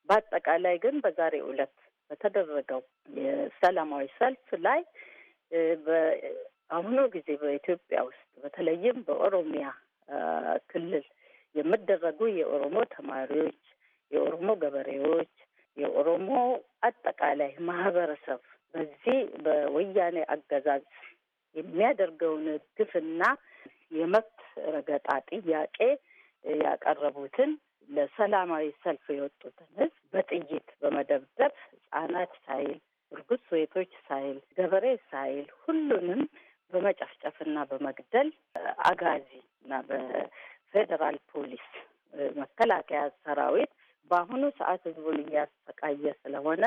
በአጠቃላይ ግን በዛሬው ዕለት በተደረገው የሰላማዊ ሰልፍ ላይ በአሁኑ ጊዜ በኢትዮጵያ ውስጥ በተለይም በኦሮሚያ ክልል የሚደረጉ የኦሮሞ ተማሪዎች፣ የኦሮሞ ገበሬዎች፣ የኦሮሞ አጠቃላይ ማህበረሰብ በዚህ በወያኔ አገዛዝ የሚያደርገውን ግፍና የመብት ረገጣ ጥያቄ ያቀረቡትን ለሰላማዊ ሰልፍ የወጡትን ህዝብ በጥይት በመደብደብ ህጻናት ሳይል እርጉዝ ሴቶች ሳይል ገበሬ ሳይል ሁሉንም በመጨፍጨፍና በመግደል አጋዚ እና በፌዴራል ፖሊስ መከላከያ ሰራዊት በአሁኑ ሰዓት ህዝቡን እያሰቃየ ስለሆነ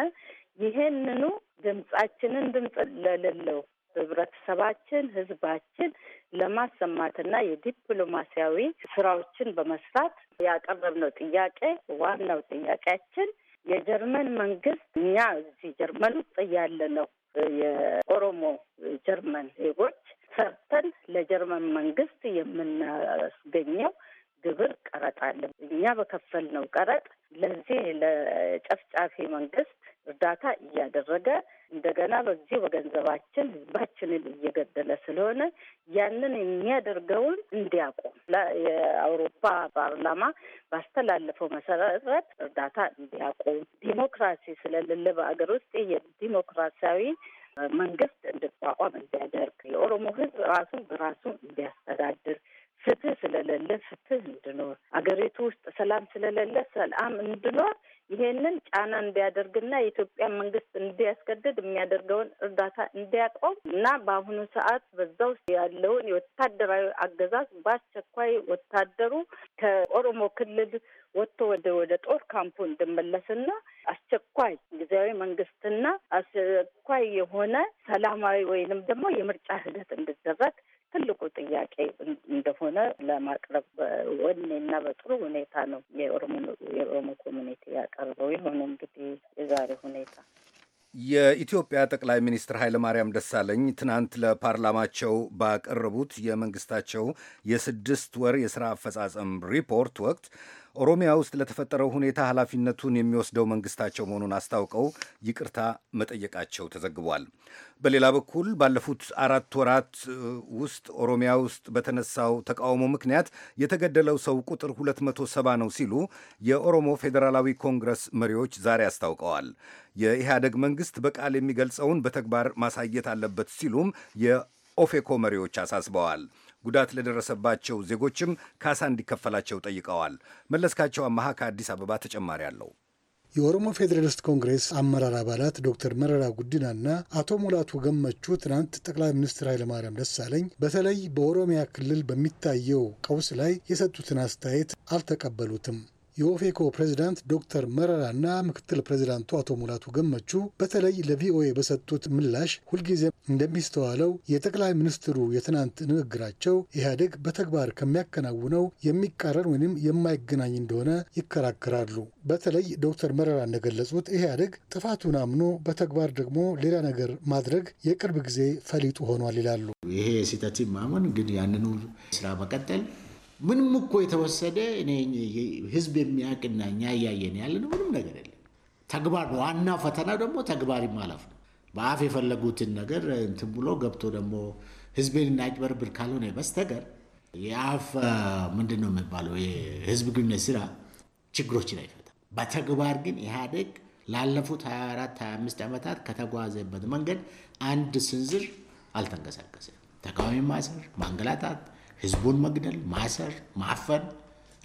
ይሄንኑ ድምጻችንን ድምጽ ለሌለው ህብረተሰባችን ህዝባችን ለማሰማትና የዲፕሎማሲያዊ ስራዎችን በመስራት ያቀረብነው ጥያቄ ዋናው ጥያቄያችን የጀርመን መንግስት እኛ እዚህ ጀርመን ውስጥ ያለ ነው የኦሮሞ ጀርመን ዜጎች ሰርተን ለጀርመን መንግስት የምናስገኘው ግብር ቀረጥ አለ። እኛ በከፈልነው ቀረጥ ለዚህ ለጨፍጫፊ መንግስት እርዳታ እያደረገ እንደገና በዚህ በገንዘባችን ህዝባችንን እየገደለ ስለሆነ ያንን የሚያደርገውን እንዲያቆም የአውሮፓ ፓርላማ ባስተላለፈው መሰረት እርዳታ እንዲያቆም፣ ዲሞክራሲ ስለሌለ በሀገር ውስጥ የዲሞክራሲያዊ መንግስት እንዲቋቋም እንዲያደርግ፣ የኦሮሞ ህዝብ ራሱን በራሱ እንዲያስተዳድር ፍትህ ስለሌለ ፍትህ እንድኖር፣ አገሪቱ ውስጥ ሰላም ስለሌለ ሰላም እንድኖር ይሄንን ጫና እንዲያደርግና የኢትዮጵያ መንግስት እንዲያስገድድ የሚያደርገውን እርዳታ እንዲያቆም እና በአሁኑ ሰዓት በዛ ውስጥ ያለውን የወታደራዊ አገዛዝ በአስቸኳይ ወታደሩ ከኦሮሞ ክልል ወጥቶ ወደ ወደ ጦር ካምፑ እንድመለስና አስቸኳይ ጊዜያዊ መንግስትና አስቸኳይ የሆነ ሰላማዊ ወይንም ደግሞ የምርጫ ሂደት እንድደረግ ትልቁ ጥያቄ እንደሆነ ለማቅረብ ወኔና በጥሩ ሁኔታ ነው የኦሮሞ ያቀርበው ይሆን እንግዲህ የዛሬ ሁኔታ። የኢትዮጵያ ጠቅላይ ሚኒስትር ኃይለማርያም ደሳለኝ ትናንት ለፓርላማቸው ባቀረቡት የመንግስታቸው የስድስት ወር የሥራ አፈጻጸም ሪፖርት ወቅት ኦሮሚያ ውስጥ ለተፈጠረው ሁኔታ ኃላፊነቱን የሚወስደው መንግስታቸው መሆኑን አስታውቀው ይቅርታ መጠየቃቸው ተዘግቧል። በሌላ በኩል ባለፉት አራት ወራት ውስጥ ኦሮሚያ ውስጥ በተነሳው ተቃውሞ ምክንያት የተገደለው ሰው ቁጥር 270 ነው ሲሉ የኦሮሞ ፌዴራላዊ ኮንግረስ መሪዎች ዛሬ አስታውቀዋል። የኢህአደግ መንግስት በቃል የሚገልጸውን በተግባር ማሳየት አለበት ሲሉም የኦፌኮ መሪዎች አሳስበዋል። ጉዳት ለደረሰባቸው ዜጎችም ካሳ እንዲከፈላቸው ጠይቀዋል። መለስካቸው አመሃ ከአዲስ አበባ ተጨማሪ አለው። የኦሮሞ ፌዴራሊስት ኮንግሬስ አመራር አባላት ዶክተር መረራ ጉዲናና አቶ ሙላቱ ገመቹ ትናንት ጠቅላይ ሚኒስትር ኃይለማርያም ደሳለኝ በተለይ በኦሮሚያ ክልል በሚታየው ቀውስ ላይ የሰጡትን አስተያየት አልተቀበሉትም። የኦፌኮ ፕሬዚዳንት ዶክተር መረራ እና ምክትል ፕሬዚዳንቱ አቶ ሙላቱ ገመቹ በተለይ ለቪኦኤ በሰጡት ምላሽ ሁልጊዜ እንደሚስተዋለው የጠቅላይ ሚኒስትሩ የትናንት ንግግራቸው ኢህአዴግ በተግባር ከሚያከናውነው የሚቃረን ወይም የማይገናኝ እንደሆነ ይከራከራሉ። በተለይ ዶክተር መረራ እንደገለጹት ኢህአዴግ ጥፋቱን አምኖ በተግባር ደግሞ ሌላ ነገር ማድረግ የቅርብ ጊዜ ፈሊጡ ሆኗል ይላሉ። ይሄ ስህተት ማመን ግን ያንኑ ስራ መቀጠል ምንም እኮ የተወሰደ ህዝብ የሚያውቅና እኛ እያየን ያለ ምንም ነገር የለም። ተግባር ነው ዋናው። ፈተና ደግሞ ተግባር ማለፍ ነው። በአፍ የፈለጉትን ነገር እንትን ብሎ ገብቶ ደግሞ ህዝብን እናጭበርብር ካልሆነ በስተቀር የአፍ ምንድን ነው የሚባለው የህዝብ ግንኙነት ስራ ችግሮችን አይፈታም። በተግባር ግን ኢህአዴግ ላለፉት 24 25 ዓመታት ከተጓዘበት መንገድ አንድ ስንዝር አልተንቀሳቀሰ። ተቃዋሚ ማሰር፣ ማንገላታት ህዝቡን መግደል፣ ማሰር፣ ማፈን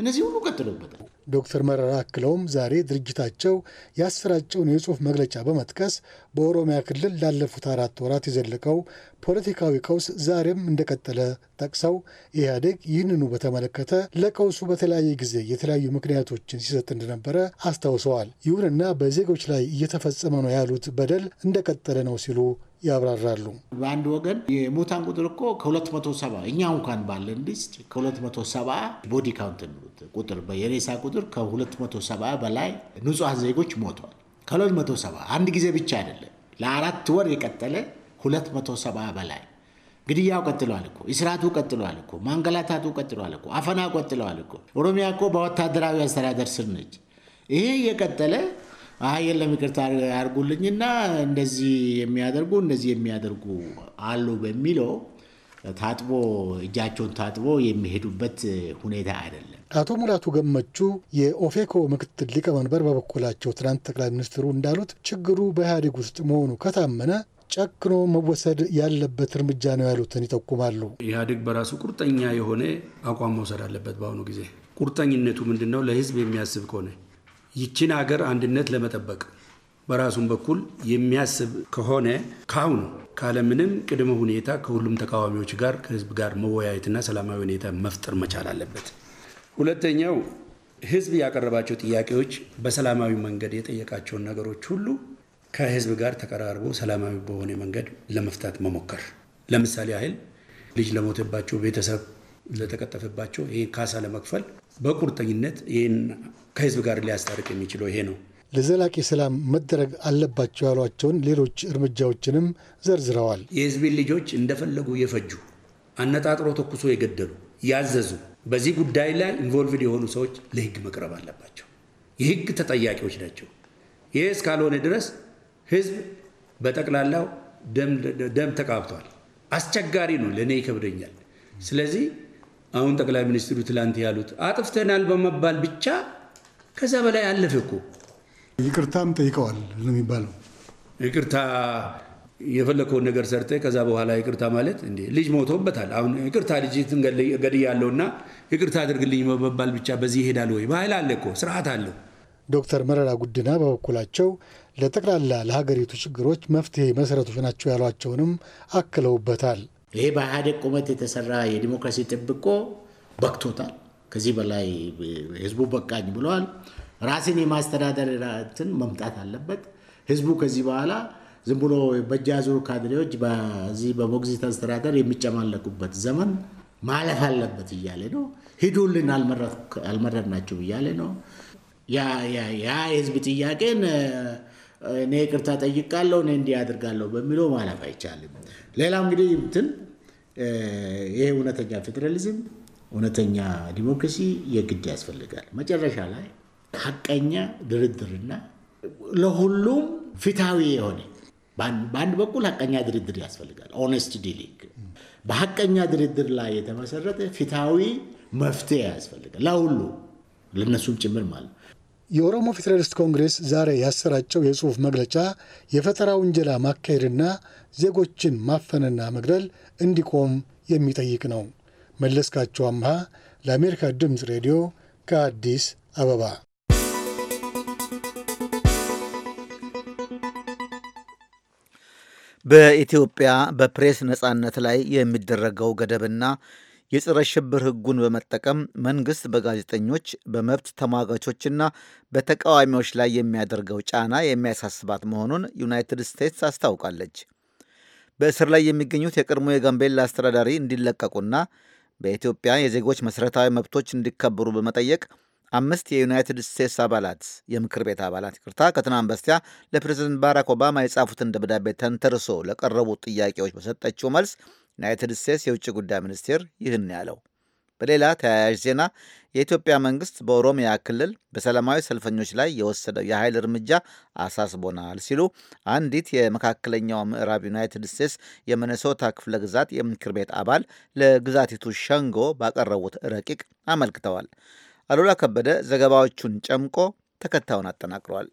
እነዚህ ሁሉ ቀጥሎበታል። ዶክተር መረራ አክለውም ዛሬ ድርጅታቸው ያሰራጨውን የጽሑፍ መግለጫ በመጥቀስ በኦሮሚያ ክልል ላለፉት አራት ወራት የዘለቀው ፖለቲካዊ ቀውስ ዛሬም እንደቀጠለ ጠቅሰው ኢህአዴግ ይህንኑ በተመለከተ ለቀውሱ በተለያየ ጊዜ የተለያዩ ምክንያቶችን ሲሰጥ እንደነበረ አስታውሰዋል። ይሁንና በዜጎች ላይ እየተፈጸመ ነው ያሉት በደል እንደቀጠለ ነው ሲሉ ያብራራሉ። በአንድ ወገን የሙታን ቁጥር እኮ ከ270 እኛ እንኳን ባለን ሊስት ከ270 ቦዲ ካውንት ቁጥር የሬሳ ቁጥር ከ270 በላይ ንጹሐን ዜጎች ሞተዋል። ከ270 አንድ ጊዜ ብቻ አይደለም፣ ለአራት ወር የቀጠለ 270 በላይ ግድያው ቀጥለዋል እኮ እስራቱ ቀጥለዋል እኮ ማንገላታቱ ቀጥለዋል እኮ አፈና ቀጥለዋል እኮ ኦሮሚያ እኮ በወታደራዊ አስተዳደር ስር ነች። ይሄ የቀጠለ አይ የለም ይቅርታ ያርጉልኝና እንደዚህ የሚያደርጉ እንደዚህ የሚያደርጉ አሉ በሚለው ታጥቦ እጃቸውን ታጥቦ የሚሄዱበት ሁኔታ አይደለም። አቶ ሙላቱ ገመቹ የኦፌኮ ምክትል ሊቀመንበር በበኩላቸው ትናንት ጠቅላይ ሚኒስትሩ እንዳሉት ችግሩ በኢህአዴግ ውስጥ መሆኑ ከታመነ ጨክኖ መወሰድ ያለበት እርምጃ ነው ያሉትን ይጠቁማሉ። ኢህአዴግ በራሱ ቁርጠኛ የሆነ አቋም መውሰድ አለበት። በአሁኑ ጊዜ ቁርጠኝነቱ ምንድን ነው? ለህዝብ የሚያስብ ከሆነ ይችን ሀገር አንድነት ለመጠበቅ በራሱን በኩል የሚያስብ ከሆነ ካሁኑ ካለምንም ቅድመ ሁኔታ ከሁሉም ተቃዋሚዎች ጋር ከህዝብ ጋር መወያየትና ሰላማዊ ሁኔታ መፍጠር መቻል አለበት። ሁለተኛው ህዝብ ያቀረባቸው ጥያቄዎች በሰላማዊ መንገድ የጠየቃቸውን ነገሮች ሁሉ ከህዝብ ጋር ተቀራርቦ ሰላማዊ በሆነ መንገድ ለመፍታት መሞከር። ለምሳሌ ያህል ልጅ ለሞተባቸው ቤተሰብ ለተቀጠፈባቸው ይህን ካሳ ለመክፈል በቁርጠኝነት ይህን ከህዝብ ጋር ሊያስታርቅ የሚችለው ይሄ ነው። ለዘላቂ ሰላም መደረግ አለባቸው ያሏቸውን ሌሎች እርምጃዎችንም ዘርዝረዋል። የህዝብን ልጆች እንደፈለጉ የፈጁ፣ አነጣጥሮ ተኩሶ የገደሉ፣ ያዘዙ፣ በዚህ ጉዳይ ላይ ኢንቮልቭድ የሆኑ ሰዎች ለህግ መቅረብ አለባቸው። የህግ ተጠያቂዎች ናቸው። ይህ እስካልሆነ ድረስ ህዝብ በጠቅላላው ደም ተቃብቷል። አስቸጋሪ ነው። ለእኔ ይከብደኛል። ስለዚህ አሁን ጠቅላይ ሚኒስትሩ ትላንት ያሉት አጥፍተናል በመባል ብቻ ከዛ በላይ አለፍ እኮ። ይቅርታም ጠይቀዋል ነው ይቅርታ የፈለግከውን ነገር ሰርተ ከዛ በኋላ ይቅርታ ማለት እንዴ! ልጅ ሞቶበታል። አሁን ይቅርታ ልጅትን ልጅ ገድያለሁና ይቅርታ አድርግልኝ በመባል ብቻ በዚህ ይሄዳል ወይ? ባህል አለ እኮ ስርዓት አለው። ዶክተር መረራ ጉድና በበኩላቸው ለጠቅላላ ለሀገሪቱ ችግሮች መፍትሄ መሰረቶች ናቸው ያሏቸውንም አክለውበታል። ይሄ በኢህአዴግ ቁመት የተሰራ የዲሞክራሲ ጥብቆ በቅቶታል። ከዚህ በላይ ህዝቡ በቃኝ ብለዋል። ራስን የማስተዳደር እንትን መምጣት አለበት። ህዝቡ ከዚህ በኋላ ዝም ብሎ በእጅ ካድሬዎች በዚህ በሞግዚት አስተዳደር የሚጨማለቁበት ዘመን ማለፍ አለበት እያለ ነው። ሂዱልን አልመረጥናችሁ እያለ ነው። ያ የህዝብ ጥያቄን እኔ ይቅርታ ጠይቃለሁ፣ እኔ እንዲህ አድርጋለሁ በሚለው ማለፍ አይቻልም። ሌላው እንግዲህ እንትን ይሄ እውነተኛ ፌዴራሊዝም፣ እውነተኛ ዲሞክራሲ የግድ ያስፈልጋል። መጨረሻ ላይ ሀቀኛ ድርድርና ለሁሉም ፊታዊ የሆነ በአንድ በኩል ሀቀኛ ድርድር ያስፈልጋል፣ ኦነስት ዲሊንግ። በሀቀኛ ድርድር ላይ የተመሰረተ ፊታዊ መፍትሄ ያስፈልጋል ለሁሉ ለእነሱም ጭምር ማለት ነው። የኦሮሞ ፌዴራሊስት ኮንግሬስ ዛሬ ያሰራጨው የጽሑፍ መግለጫ የፈጠራ ውንጀላ ማካሄድና ዜጎችን ማፈንና መግደል እንዲቆም የሚጠይቅ ነው። መለስካቸው አምሃ ለአሜሪካ ድምፅ ሬዲዮ ከአዲስ አበባ በኢትዮጵያ በፕሬስ ነጻነት ላይ የሚደረገው ገደብና የጸረ ሽብር ህጉን በመጠቀም መንግስት በጋዜጠኞች በመብት ተሟጋቾችና በተቃዋሚዎች ላይ የሚያደርገው ጫና የሚያሳስባት መሆኑን ዩናይትድ ስቴትስ አስታውቃለች። በእስር ላይ የሚገኙት የቀድሞ የጋምቤላ አስተዳዳሪ እንዲለቀቁና በኢትዮጵያ የዜጎች መሠረታዊ መብቶች እንዲከበሩ በመጠየቅ አምስት የዩናይትድ ስቴትስ አባላት የምክር ቤት አባላት ይቅርታ፣ ከትናንት በስቲያ ለፕሬዝደንት ባራክ ኦባማ የጻፉትን ደብዳቤ ተንተርሶ ለቀረቡት ጥያቄዎች በሰጠችው መልስ ዩናይትድ ስቴትስ የውጭ ጉዳይ ሚኒስቴር ይህን ያለው። በሌላ ተያያዥ ዜና የኢትዮጵያ መንግስት በኦሮሚያ ክልል በሰላማዊ ሰልፈኞች ላይ የወሰደው የኃይል እርምጃ አሳስቦናል ሲሉ አንዲት የመካከለኛው ምዕራብ ዩናይትድ ስቴትስ የሚኔሶታ ክፍለ ግዛት የምክር ቤት አባል ለግዛቲቱ ሸንጎ ባቀረቡት ረቂቅ አመልክተዋል። አሉላ ከበደ ዘገባዎቹን ጨምቆ ተከታዩን አጠናቅረዋል።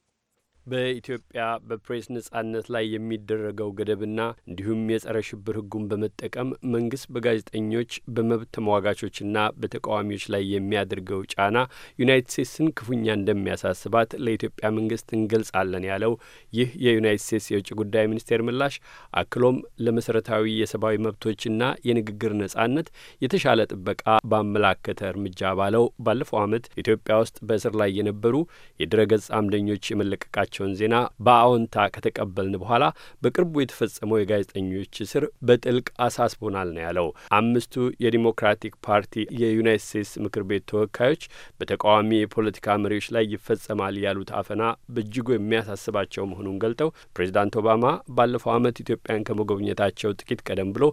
በኢትዮጵያ በፕሬስ ነጻነት ላይ የሚደረገው ገደብና እንዲሁም የጸረ ሽብር ህጉን በመጠቀም መንግስት በጋዜጠኞች በመብት ተሟጋቾችና በተቃዋሚዎች ላይ የሚያደርገው ጫና ዩናይት ስቴትስን ክፉኛ እንደሚያሳስባት ለኢትዮጵያ መንግስት እንገልጻለን ያለው ይህ የዩናይት ስቴትስ የውጭ ጉዳይ ሚኒስቴር ምላሽ አክሎም ለመሰረታዊ የሰብአዊ መብቶችና የንግግር ነጻነት የተሻለ ጥበቃ ባመላከተ እርምጃ ባለው ባለፈው ዓመት ኢትዮጵያ ውስጥ በእስር ላይ የነበሩ የድረገጽ አምደኞች የመለቀቃቸው ያላቸውን ዜና በአዎንታ ከተቀበልን በኋላ በቅርቡ የተፈጸመው የጋዜጠኞች እስር በጥልቅ አሳስቦናል ነው ያለው። አምስቱ የዲሞክራቲክ ፓርቲ የዩናይት ስቴትስ ምክር ቤት ተወካዮች በተቃዋሚ የፖለቲካ መሪዎች ላይ ይፈጸማል ያሉት አፈና በእጅጉ የሚያሳስባቸው መሆኑን ገልጠው ፕሬዚዳንት ኦባማ ባለፈው ዓመት ኢትዮጵያን ከመጎብኘታቸው ጥቂት ቀደም ብሎ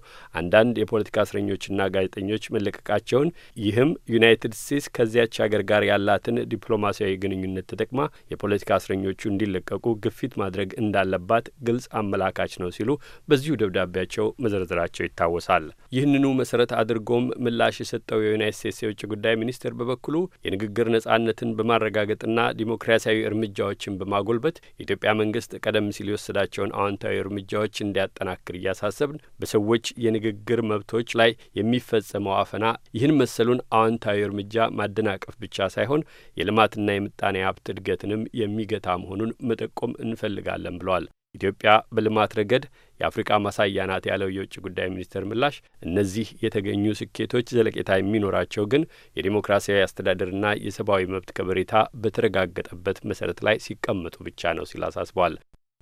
አንዳንድ የፖለቲካ እስረኞችና ጋዜጠኞች መለቀቃቸውን ይህም ዩናይትድ ስቴትስ ከዚያች ሀገር ጋር ያላትን ዲፕሎማሲያዊ ግንኙነት ተጠቅማ የፖለቲካ እስረኞቹ እንዲ እንዲለቀቁ ግፊት ማድረግ እንዳለባት ግልጽ አመላካች ነው ሲሉ በዚሁ ደብዳቤያቸው መዘርዘራቸው ይታወሳል። ይህንኑ መሰረት አድርጎም ምላሽ የሰጠው የዩናይት ስቴትስ የውጭ ጉዳይ ሚኒስቴር በበኩሉ የንግግር ነጻነትን በማረጋገጥና ዲሞክራሲያዊ እርምጃዎችን በማጎልበት የኢትዮጵያ መንግስት ቀደም ሲል የወሰዳቸውን አዎንታዊ እርምጃዎች እንዲያጠናክር እያሳሰብን በሰዎች የንግግር መብቶች ላይ የሚፈጸመው አፈና ይህን መሰሉን አዎንታዊ እርምጃ ማደናቀፍ ብቻ ሳይሆን የልማትና የምጣኔ ሀብት እድገትንም የሚገታ መሆኑን መጠቆም እንፈልጋለን ብለዋል። ኢትዮጵያ በልማት ረገድ የአፍሪቃ ማሳያ ናት ያለው የውጭ ጉዳይ ሚኒስቴር ምላሽ እነዚህ የተገኙ ስኬቶች ዘለቄታ የሚኖራቸው ግን የዴሞክራሲያዊ አስተዳደርና የሰብአዊ መብት ከበሬታ በተረጋገጠበት መሰረት ላይ ሲቀመጡ ብቻ ነው ሲል አሳስቧል።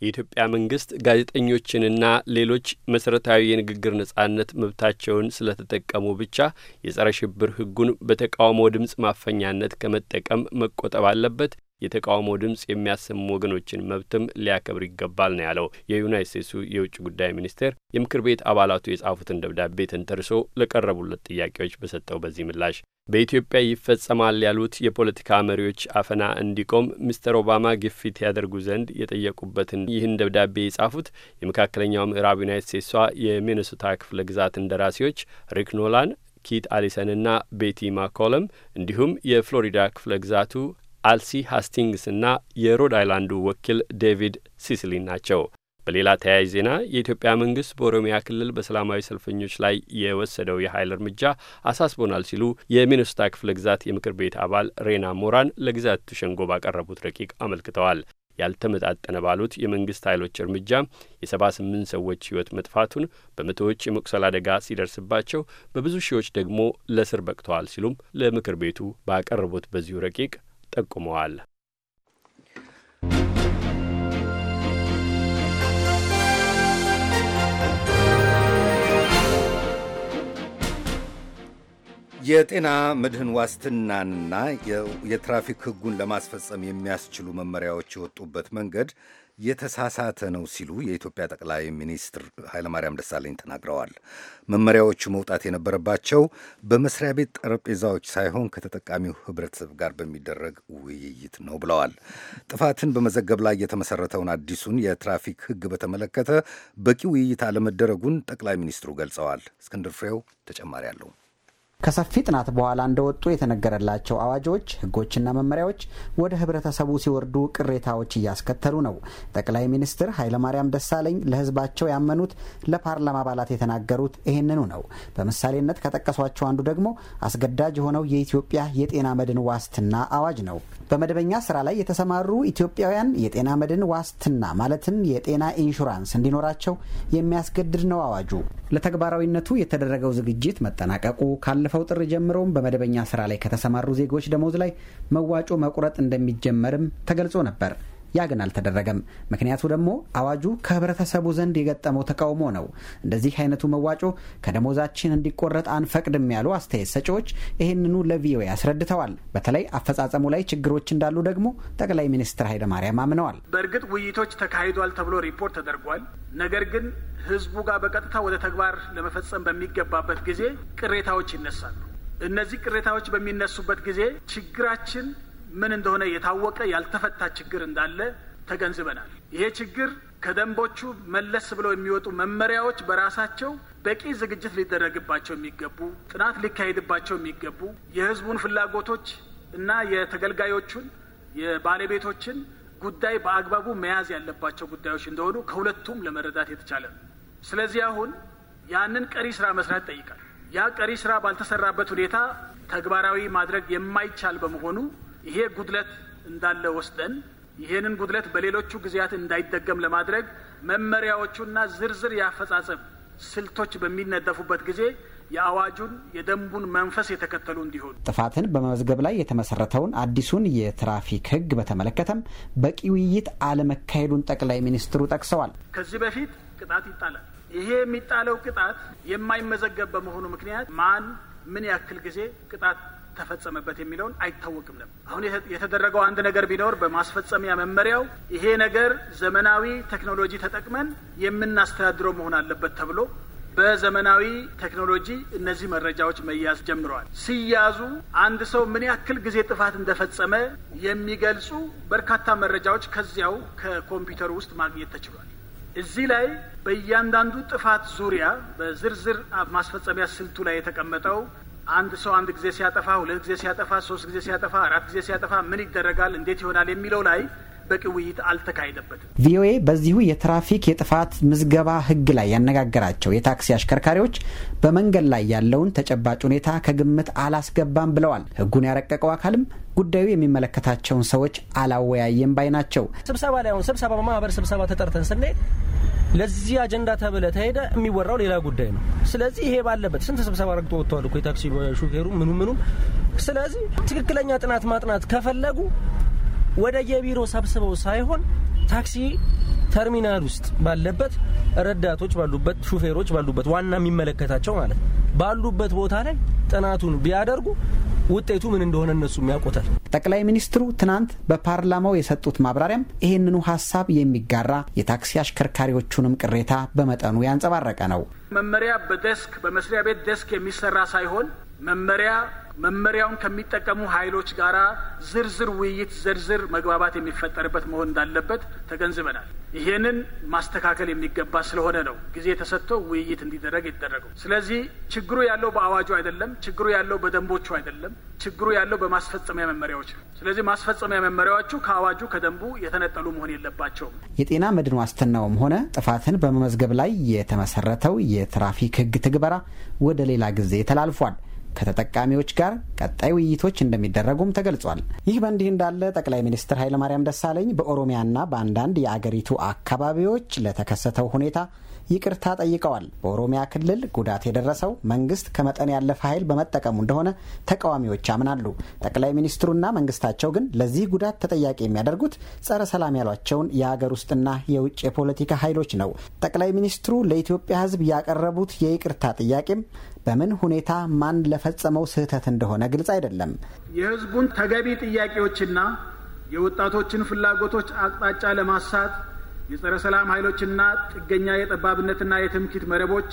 የኢትዮጵያ መንግስት ጋዜጠኞችንና ሌሎች መሰረታዊ የንግግር ነጻነት መብታቸውን ስለተጠቀሙ ብቻ የጸረ ሽብር ህጉን በተቃውሞ ድምፅ ማፈኛነት ከመጠቀም መቆጠብ አለበት። የተቃውሞ ድምጽ የሚያሰሙ ወገኖችን መብትም ሊያከብር ይገባል ነው ያለው። የዩናይት ስቴትሱ የውጭ ጉዳይ ሚኒስቴር የምክር ቤት አባላቱ የጻፉትን ደብዳቤ ተንተርሶ ለቀረቡለት ጥያቄዎች በሰጠው በዚህ ምላሽ በኢትዮጵያ ይፈጸማል ያሉት የፖለቲካ መሪዎች አፈና እንዲቆም ሚስተር ኦባማ ግፊት ያደርጉ ዘንድ የጠየቁበትን ይህን ደብዳቤ የጻፉት የመካከለኛው ምዕራብ ዩናይት ስቴትሷ የሚኒሶታ ክፍለ ግዛት እንደራሴዎች ሪክ ኖላን ኪት አሊሰንና ቤቲ ማኮለም እንዲሁም የፍሎሪዳ ክፍለ ግዛቱ አልሲ ሃስቲንግስ እና የሮድ አይላንዱ ወኪል ዴቪድ ሲስሊን ናቸው። በሌላ ተያያዥ ዜና የኢትዮጵያ መንግስት በኦሮሚያ ክልል በሰላማዊ ሰልፈኞች ላይ የወሰደው የኃይል እርምጃ አሳስቦናል ሲሉ የሚኒሶታ ክፍለ ግዛት የምክር ቤት አባል ሬና ሞራን ለግዛቱ ሸንጎ ባቀረቡት ረቂቅ አመልክተዋል። ያልተመጣጠነ ባሉት የመንግስት ኃይሎች እርምጃ የሰባ ስምንት ሰዎች ህይወት መጥፋቱን በመቶዎች የመቁሰል አደጋ ሲደርስባቸው፣ በብዙ ሺዎች ደግሞ ለስር በቅተዋል ሲሉም ለምክር ቤቱ ባቀረቡት በዚሁ ረቂቅ ጠቁመዋል። የጤና መድህን ዋስትናንና የትራፊክ ሕጉን ለማስፈጸም የሚያስችሉ መመሪያዎች የወጡበት መንገድ የተሳሳተ ነው ሲሉ የኢትዮጵያ ጠቅላይ ሚኒስትር ኃይለማርያም ደሳለኝ ተናግረዋል። መመሪያዎቹ መውጣት የነበረባቸው በመስሪያ ቤት ጠረጴዛዎች ሳይሆን ከተጠቃሚው ህብረተሰብ ጋር በሚደረግ ውይይት ነው ብለዋል። ጥፋትን በመዘገብ ላይ የተመሰረተውን አዲሱን የትራፊክ ህግ በተመለከተ በቂ ውይይት አለመደረጉን ጠቅላይ ሚኒስትሩ ገልጸዋል። እስክንድር ፍሬው ተጨማሪ አለው። ከሰፊ ጥናት በኋላ እንደወጡ የተነገረላቸው አዋጆች፣ ህጎችና መመሪያዎች ወደ ህብረተሰቡ ሲወርዱ ቅሬታዎች እያስከተሉ ነው። ጠቅላይ ሚኒስትር ኃይለማርያም ደሳለኝ ለህዝባቸው ያመኑት፣ ለፓርላማ አባላት የተናገሩት ይህንኑ ነው። በምሳሌነት ከጠቀሷቸው አንዱ ደግሞ አስገዳጅ የሆነው የኢትዮጵያ የጤና መድን ዋስትና አዋጅ ነው። በመደበኛ ስራ ላይ የተሰማሩ ኢትዮጵያውያን የጤና መድን ዋስትና ማለትም የጤና ኢንሹራንስ እንዲኖራቸው የሚያስገድድ ነው አዋጁ። ለተግባራዊነቱ የተደረገው ዝግጅት መጠናቀቁ ካለፈው ጥር ጀምሮም በመደበኛ ስራ ላይ ከተሰማሩ ዜጎች ደሞዝ ላይ መዋጮ መቁረጥ እንደሚጀመርም ተገልጾ ነበር። ያ ግን አልተደረገም። ምክንያቱ ደግሞ አዋጁ ከህብረተሰቡ ዘንድ የገጠመው ተቃውሞ ነው። እንደዚህ አይነቱ መዋጮ ከደሞዛችን እንዲቆረጥ አንፈቅድም ያሉ አስተያየት ሰጪዎች ይህንኑ ለቪኦኤ አስረድተዋል። በተለይ አፈጻጸሙ ላይ ችግሮች እንዳሉ ደግሞ ጠቅላይ ሚኒስትር ኃይለማርያም አምነዋል። በእርግጥ ውይይቶች ተካሂዷል ተብሎ ሪፖርት ተደርጓል። ነገር ግን ህዝቡ ጋር በቀጥታ ወደ ተግባር ለመፈጸም በሚገባበት ጊዜ ቅሬታዎች ይነሳሉ። እነዚህ ቅሬታዎች በሚነሱበት ጊዜ ችግራችን ምን እንደሆነ የታወቀ ያልተፈታ ችግር እንዳለ ተገንዝበናል። ይሄ ችግር ከደንቦቹ መለስ ብለው የሚወጡ መመሪያዎች በራሳቸው በቂ ዝግጅት ሊደረግባቸው የሚገቡ ጥናት ሊካሄድባቸው የሚገቡ የህዝቡን ፍላጎቶች እና የተገልጋዮቹን የባለቤቶችን ጉዳይ በአግባቡ መያዝ ያለባቸው ጉዳዮች እንደሆኑ ከሁለቱም ለመረዳት የተቻለ ነው። ስለዚህ አሁን ያንን ቀሪ ስራ መስራት ይጠይቃል። ያ ቀሪ ስራ ባልተሰራበት ሁኔታ ተግባራዊ ማድረግ የማይቻል በመሆኑ ይሄ ጉድለት እንዳለ ወስደን ይሄንን ጉድለት በሌሎቹ ጊዜያት እንዳይደገም ለማድረግ መመሪያዎቹና ዝርዝር የአፈጻጸም ስልቶች በሚነደፉበት ጊዜ የአዋጁን የደንቡን መንፈስ የተከተሉ እንዲሆኑ ጥፋትን በመመዝገብ ላይ የተመሰረተውን አዲሱን የትራፊክ ሕግ በተመለከተም በቂ ውይይት አለመካሄዱን ጠቅላይ ሚኒስትሩ ጠቅሰዋል። ከዚህ በፊት ቅጣት ይጣላል ይሄ የሚጣለው ቅጣት የማይመዘገብ በመሆኑ ምክንያት ማን ምን ያክል ጊዜ ቅጣት ተፈጸመበት የሚለውን አይታወቅም ነበር። አሁን የተደረገው አንድ ነገር ቢኖር በማስፈጸሚያ መመሪያው ይሄ ነገር ዘመናዊ ቴክኖሎጂ ተጠቅመን የምናስተዳድረው መሆን አለበት ተብሎ በዘመናዊ ቴክኖሎጂ እነዚህ መረጃዎች መያዝ ጀምረዋል። ሲያዙ አንድ ሰው ምን ያክል ጊዜ ጥፋት እንደፈጸመ የሚገልጹ በርካታ መረጃዎች ከዚያው ከኮምፒውተሩ ውስጥ ማግኘት ተችሏል። እዚህ ላይ በእያንዳንዱ ጥፋት ዙሪያ በዝርዝር ማስፈጸሚያ ስልቱ ላይ የተቀመጠው አንድ ሰው አንድ ጊዜ ሲያጠፋ፣ ሁለት ጊዜ ሲያጠፋ፣ ሶስት ጊዜ ሲያጠፋ፣ አራት ጊዜ ሲያጠፋ ምን ይደረጋል፣ እንዴት ይሆናል የሚለው ላይ በቂ ውይይት አልተካሄደበትም። ቪኦኤ በዚሁ የትራፊክ የጥፋት ምዝገባ ሕግ ላይ ያነጋገራቸው የታክሲ አሽከርካሪዎች በመንገድ ላይ ያለውን ተጨባጭ ሁኔታ ከግምት አላስገባም ብለዋል። ሕጉን ያረቀቀው አካልም ጉዳዩ የሚመለከታቸውን ሰዎች አላወያየም ባይ ናቸው። ስብሰባ ላይ አሁን ስብሰባ በማህበር ስብሰባ ተጠርተን ስንሄድ ለዚህ አጀንዳ ተብለ ተሄደ የሚወራው ሌላ ጉዳይ ነው። ስለዚህ ይሄ ባለበት ስንት ስብሰባ ረግጦ ወጥተዋል እኮ የታክሲ ሹፌሩ ምኑ ምኑም። ስለዚህ ትክክለኛ ጥናት ማጥናት ከፈለጉ ወደ የቢሮ ሰብስበው ሳይሆን ታክሲ ተርሚናል ውስጥ ባለበት ረዳቶች ባሉበት፣ ሹፌሮች ባሉበት ዋና የሚመለከታቸው ማለት ባሉበት ቦታ ላይ ጥናቱን ቢያደርጉ ውጤቱ ምን እንደሆነ እነሱ የሚያውቁታል። ጠቅላይ ሚኒስትሩ ትናንት በፓርላማው የሰጡት ማብራሪያም ይህንኑ ሀሳብ የሚጋራ የታክሲ አሽከርካሪዎቹንም ቅሬታ በመጠኑ ያንጸባረቀ ነው። መመሪያ በደስክ በመስሪያ ቤት ደስክ የሚሰራ ሳይሆን መመሪያ መመሪያውን ከሚጠቀሙ ኃይሎች ጋር ዝርዝር ውይይት፣ ዝርዝር መግባባት የሚፈጠርበት መሆን እንዳለበት ተገንዝበናል። ይሄንን ማስተካከል የሚገባ ስለሆነ ነው ጊዜ ተሰጥቶ ውይይት እንዲደረግ የተደረገው። ስለዚህ ችግሩ ያለው በአዋጁ አይደለም፣ ችግሩ ያለው በደንቦቹ አይደለም፣ ችግሩ ያለው በማስፈጸሚያ መመሪያዎች ነው። ስለዚህ ማስፈጸሚያ መመሪያዎቹ ከአዋጁ ከደንቡ የተነጠሉ መሆን የለባቸውም። የጤና መድን ዋስትናውም ሆነ ጥፋትን በመመዝገብ ላይ የተመሰረተው የትራፊክ ሕግ ትግበራ ወደ ሌላ ጊዜ ተላልፏል። ከተጠቃሚዎች ጋር ቀጣይ ውይይቶች እንደሚደረጉም ተገልጿል። ይህ በእንዲህ እንዳለ ጠቅላይ ሚኒስትር ኃይለማርያም ደሳለኝ በኦሮሚያና በአንዳንድ የአገሪቱ አካባቢዎች ለተከሰተው ሁኔታ ይቅርታ ጠይቀዋል። በኦሮሚያ ክልል ጉዳት የደረሰው መንግስት ከመጠን ያለፈ ኃይል በመጠቀሙ እንደሆነ ተቃዋሚዎች ያምናሉ። ጠቅላይ ሚኒስትሩና መንግስታቸው ግን ለዚህ ጉዳት ተጠያቂ የሚያደርጉት ጸረ ሰላም ያሏቸውን የሀገር ውስጥና የውጭ የፖለቲካ ኃይሎች ነው። ጠቅላይ ሚኒስትሩ ለኢትዮጵያ ሕዝብ ያቀረቡት የይቅርታ ጥያቄም በምን ሁኔታ ማን ለፈጸመው ስህተት እንደሆነ ግልጽ አይደለም። የህዝቡን ተገቢ ጥያቄዎችና የወጣቶችን ፍላጎቶች አቅጣጫ ለማሳት የጸረ ሰላም ኃይሎችና ጥገኛ የጠባብነትና የትምኪት መረቦች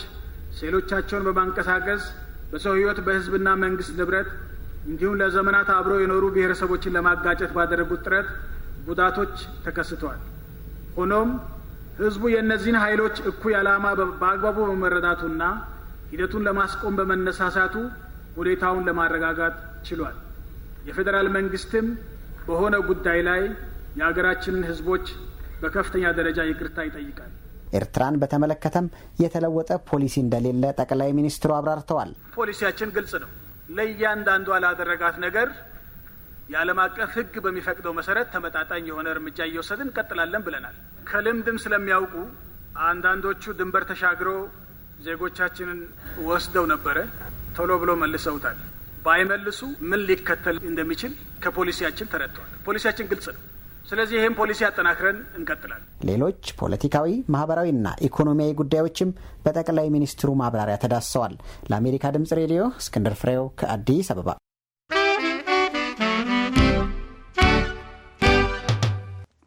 ሴሎቻቸውን በማንቀሳቀስ በሰው ህይወት፣ በህዝብና መንግስት ንብረት እንዲሁም ለዘመናት አብረው የኖሩ ብሔረሰቦችን ለማጋጨት ባደረጉት ጥረት ጉዳቶች ተከስተዋል። ሆኖም ህዝቡ የእነዚህን ኃይሎች እኩይ ዓላማ በአግባቡ በመረዳቱና ሂደቱን ለማስቆም በመነሳሳቱ ሁኔታውን ለማረጋጋት ችሏል። የፌዴራል መንግስትም በሆነ ጉዳይ ላይ የሀገራችንን ህዝቦች በከፍተኛ ደረጃ ይቅርታ ይጠይቃል። ኤርትራን በተመለከተም የተለወጠ ፖሊሲ እንደሌለ ጠቅላይ ሚኒስትሩ አብራርተዋል። ፖሊሲያችን ግልጽ ነው። ለእያንዳንዷ ላደረጋት ነገር የዓለም አቀፍ ህግ በሚፈቅደው መሰረት ተመጣጣኝ የሆነ እርምጃ እየወሰድን እንቀጥላለን ብለናል። ከልምድም ስለሚያውቁ አንዳንዶቹ ድንበር ተሻግረው ዜጎቻችንን ወስደው ነበረ። ቶሎ ብሎ መልሰውታል። ባይመልሱ ምን ሊከተል እንደሚችል ከፖሊሲያችን ተረድተዋል። ፖሊሲያችን ግልጽ ነው። ስለዚህ ይህም ፖሊሲ አጠናክረን እንቀጥላለን። ሌሎች ፖለቲካዊ፣ ማህበራዊና ኢኮኖሚያዊ ጉዳዮችም በጠቅላይ ሚኒስትሩ ማብራሪያ ተዳስሰዋል። ለአሜሪካ ድምጽ ሬዲዮ እስክንድር ፍሬው ከአዲስ አበባ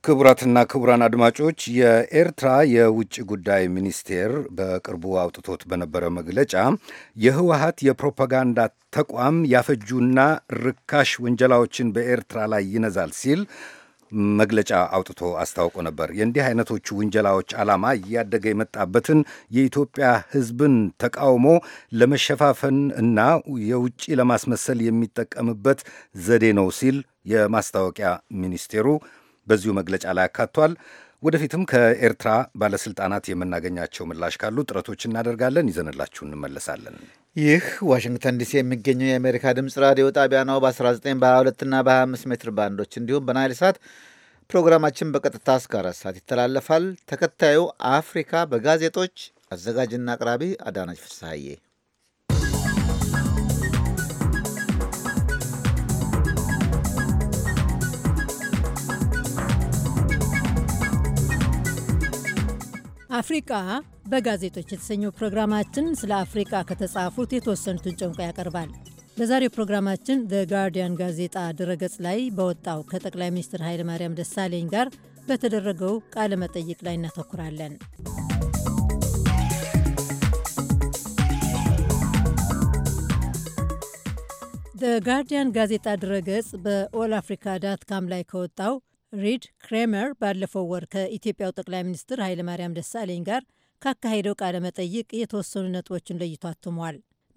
ክቡራትና ክቡራን አድማጮች የኤርትራ የውጭ ጉዳይ ሚኒስቴር በቅርቡ አውጥቶት በነበረ መግለጫ የህወሀት የፕሮፓጋንዳ ተቋም ያፈጁና ርካሽ ውንጀላዎችን በኤርትራ ላይ ይነዛል ሲል መግለጫ አውጥቶ አስታውቆ ነበር። የእንዲህ አይነቶቹ ውንጀላዎች ዓላማ እያደገ የመጣበትን የኢትዮጵያ ሕዝብን ተቃውሞ ለመሸፋፈን እና የውጭ ለማስመሰል የሚጠቀምበት ዘዴ ነው ሲል የማስታወቂያ ሚኒስቴሩ በዚሁ መግለጫ ላይ አካቷል። ወደፊትም ከኤርትራ ባለስልጣናት የምናገኛቸው ምላሽ ካሉ ጥረቶች እናደርጋለን፣ ይዘንላችሁ እንመለሳለን። ይህ ዋሽንግተን ዲሲ የሚገኘው የአሜሪካ ድምፅ ራዲዮ ጣቢያ ነው። በ19 በ22ና በ25 ሜትር ባንዶች እንዲሁም በናይል ሳት ፕሮግራማችን በቀጥታ እስከ አራት ሰዓት ይተላለፋል። ተከታዩ አፍሪካ በጋዜጦች አዘጋጅና አቅራቢ አዳነች ፍስሐዬ አፍሪቃ በጋዜጦች የተሰኘው ፕሮግራማችን ስለ አፍሪቃ ከተጻፉት የተወሰኑትን ጨምቆ ያቀርባል። በዛሬው ፕሮግራማችን ዘ ጋርዲያን ጋዜጣ ድረገጽ ላይ በወጣው ከጠቅላይ ሚኒስትር ኃይለማርያም ደሳለኝ ጋር በተደረገው ቃለ መጠይቅ ላይ እናተኩራለን። ጋርዲያን ጋዜጣ ድረገጽ በኦል አፍሪካ ዳት ካም ላይ ከወጣው ሪድ ክሬመር ባለፈው ወር ከኢትዮጵያው ጠቅላይ ሚኒስትር ኃይለማርያም ደሳለኝ ጋር ካካሄደው ቃለ መጠይቅ የተወሰኑ ነጥቦችን ለይቶ አትሟል።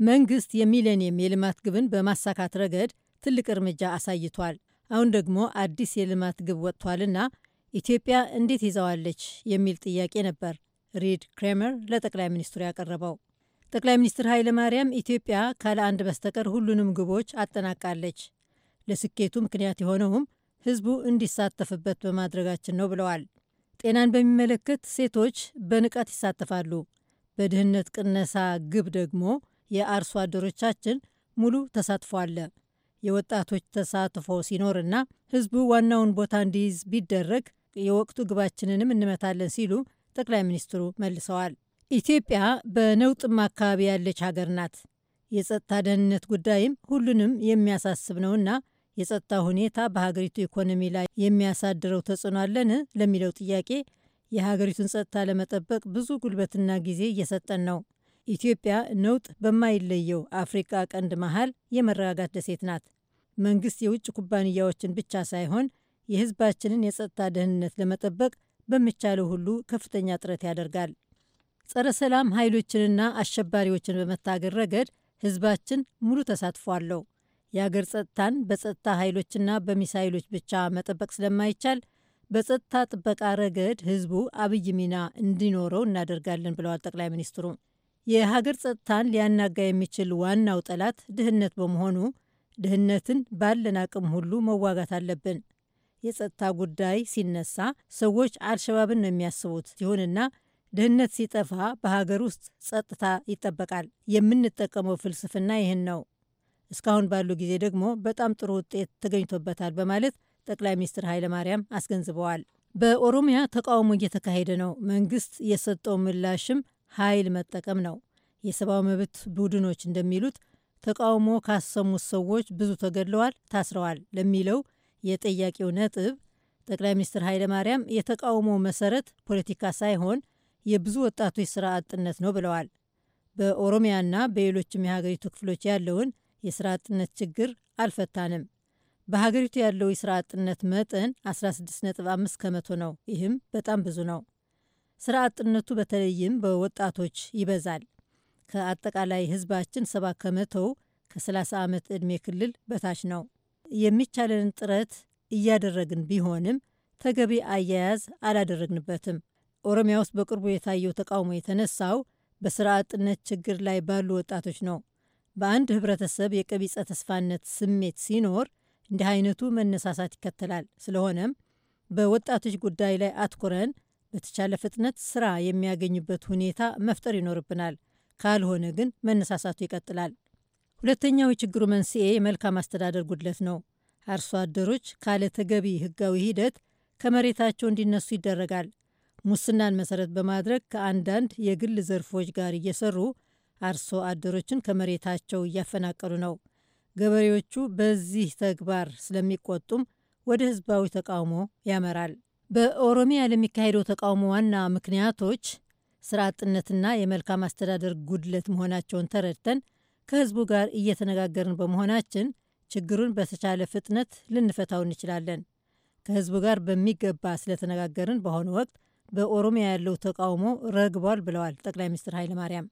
መንግስት የሚሌኒየም የልማት ግብን በማሳካት ረገድ ትልቅ እርምጃ አሳይቷል። አሁን ደግሞ አዲስ የልማት ግብ ወጥቷልና ኢትዮጵያ እንዴት ይዘዋለች የሚል ጥያቄ ነበር ሪድ ክሬመር ለጠቅላይ ሚኒስትሩ ያቀረበው። ጠቅላይ ሚኒስትር ማርያም ኢትዮጵያ ካለ አንድ በስተቀር ሁሉንም ግቦች አጠናቃለች፣ ለስኬቱ ምክንያት የሆነውም ህዝቡ እንዲሳተፍበት በማድረጋችን ነው ብለዋል። ጤናን በሚመለከት ሴቶች በንቃት ይሳተፋሉ። በድህነት ቅነሳ ግብ ደግሞ የአርሶ አደሮቻችን ሙሉ ተሳትፎ አለ። የወጣቶች ተሳትፎ ሲኖርና ህዝቡ ዋናውን ቦታ እንዲይዝ ቢደረግ የወቅቱ ግባችንንም እንመታለን ሲሉ ጠቅላይ ሚኒስትሩ መልሰዋል። ኢትዮጵያ በነውጥማ አካባቢ ያለች ሀገር ናት። የጸጥታ ደህንነት ጉዳይም ሁሉንም የሚያሳስብ ነውና የጸጥታ ሁኔታ በሀገሪቱ ኢኮኖሚ ላይ የሚያሳድረው ተጽዕኖ አለን ለሚለው ጥያቄ የሀገሪቱን ጸጥታ ለመጠበቅ ብዙ ጉልበትና ጊዜ እየሰጠን ነው። ኢትዮጵያ ነውጥ በማይለየው አፍሪካ ቀንድ መሀል የመረጋጋት ደሴት ናት። መንግስት የውጭ ኩባንያዎችን ብቻ ሳይሆን የህዝባችንን የጸጥታ ደህንነት ለመጠበቅ በሚቻለው ሁሉ ከፍተኛ ጥረት ያደርጋል። ጸረ ሰላም ኃይሎችንና አሸባሪዎችን በመታገድ ረገድ ህዝባችን ሙሉ ተሳትፎ አለው። የአገር ጸጥታን በጸጥታ ኃይሎችና በሚሳይሎች ብቻ መጠበቅ ስለማይቻል በጸጥታ ጥበቃ ረገድ ህዝቡ አብይ ሚና እንዲኖረው እናደርጋለን ብለዋል ጠቅላይ ሚኒስትሩ። የሀገር ጸጥታን ሊያናጋ የሚችል ዋናው ጠላት ድህነት በመሆኑ ድህነትን ባለን አቅም ሁሉ መዋጋት አለብን። የጸጥታ ጉዳይ ሲነሳ ሰዎች አልሸባብን ነው የሚያስቡት። ይሁንና ድህነት ሲጠፋ በሀገር ውስጥ ጸጥታ ይጠበቃል። የምንጠቀመው ፍልስፍና ይህን ነው። እስካሁን ባለው ጊዜ ደግሞ በጣም ጥሩ ውጤት ተገኝቶበታል በማለት ጠቅላይ ሚኒስትር ኃይለማርያም አስገንዝበዋል። በኦሮሚያ ተቃውሞ እየተካሄደ ነው። መንግስት የሰጠው ምላሽም ኃይል መጠቀም ነው። የሰብአዊ መብት ቡድኖች እንደሚሉት ተቃውሞ ካሰሙት ሰዎች ብዙ ተገድለዋል፣ ታስረዋል ለሚለው የጠያቂው ነጥብ ጠቅላይ ሚኒስትር ኃይለማርያም የተቃውሞ መሰረት ፖለቲካ ሳይሆን የብዙ ወጣቶች ስራ አጥነት ነው ብለዋል። በኦሮሚያና በሌሎችም የሀገሪቱ ክፍሎች ያለውን የስራ አጥነት ችግር አልፈታንም። በሀገሪቱ ያለው የስራ አጥነት መጠን 16.5 ከመቶ ነው። ይህም በጣም ብዙ ነው። ስራ አጥነቱ በተለይም በወጣቶች ይበዛል። ከአጠቃላይ ህዝባችን 70 ከመቶው ከ30 ዓመት ዕድሜ ክልል በታች ነው። የሚቻለንን ጥረት እያደረግን ቢሆንም ተገቢ አያያዝ አላደረግንበትም። ኦሮሚያ ውስጥ በቅርቡ የታየው ተቃውሞ የተነሳው በስርዓጥነት አጥነት ችግር ላይ ባሉ ወጣቶች ነው። በአንድ ህብረተሰብ የቀቢጸ ተስፋነት ስሜት ሲኖር እንዲህ አይነቱ መነሳሳት ይከተላል። ስለሆነም በወጣቶች ጉዳይ ላይ አትኩረን በተቻለ ፍጥነት ስራ የሚያገኙበት ሁኔታ መፍጠር ይኖርብናል። ካልሆነ ግን መነሳሳቱ ይቀጥላል። ሁለተኛው የችግሩ መንስኤ የመልካም አስተዳደር ጉድለት ነው። አርሶ አደሮች ካለ ተገቢ ህጋዊ ሂደት ከመሬታቸው እንዲነሱ ይደረጋል። ሙስናን መሰረት በማድረግ ከአንዳንድ የግል ዘርፎች ጋር እየሰሩ አርሶ አደሮችን ከመሬታቸው እያፈናቀሉ ነው። ገበሬዎቹ በዚህ ተግባር ስለሚቆጡም ወደ ህዝባዊ ተቃውሞ ያመራል። በኦሮሚያ ለሚካሄደው ተቃውሞ ዋና ምክንያቶች ስራ አጥነትና የመልካም አስተዳደር ጉድለት መሆናቸውን ተረድተን ከህዝቡ ጋር እየተነጋገርን በመሆናችን ችግሩን በተቻለ ፍጥነት ልንፈታው እንችላለን። ከህዝቡ ጋር በሚገባ ስለተነጋገርን በአሁኑ ወቅት በኦሮሚያ ያለው ተቃውሞ ረግቧል ብለዋል ጠቅላይ ሚኒስትር ኃይለማርያም።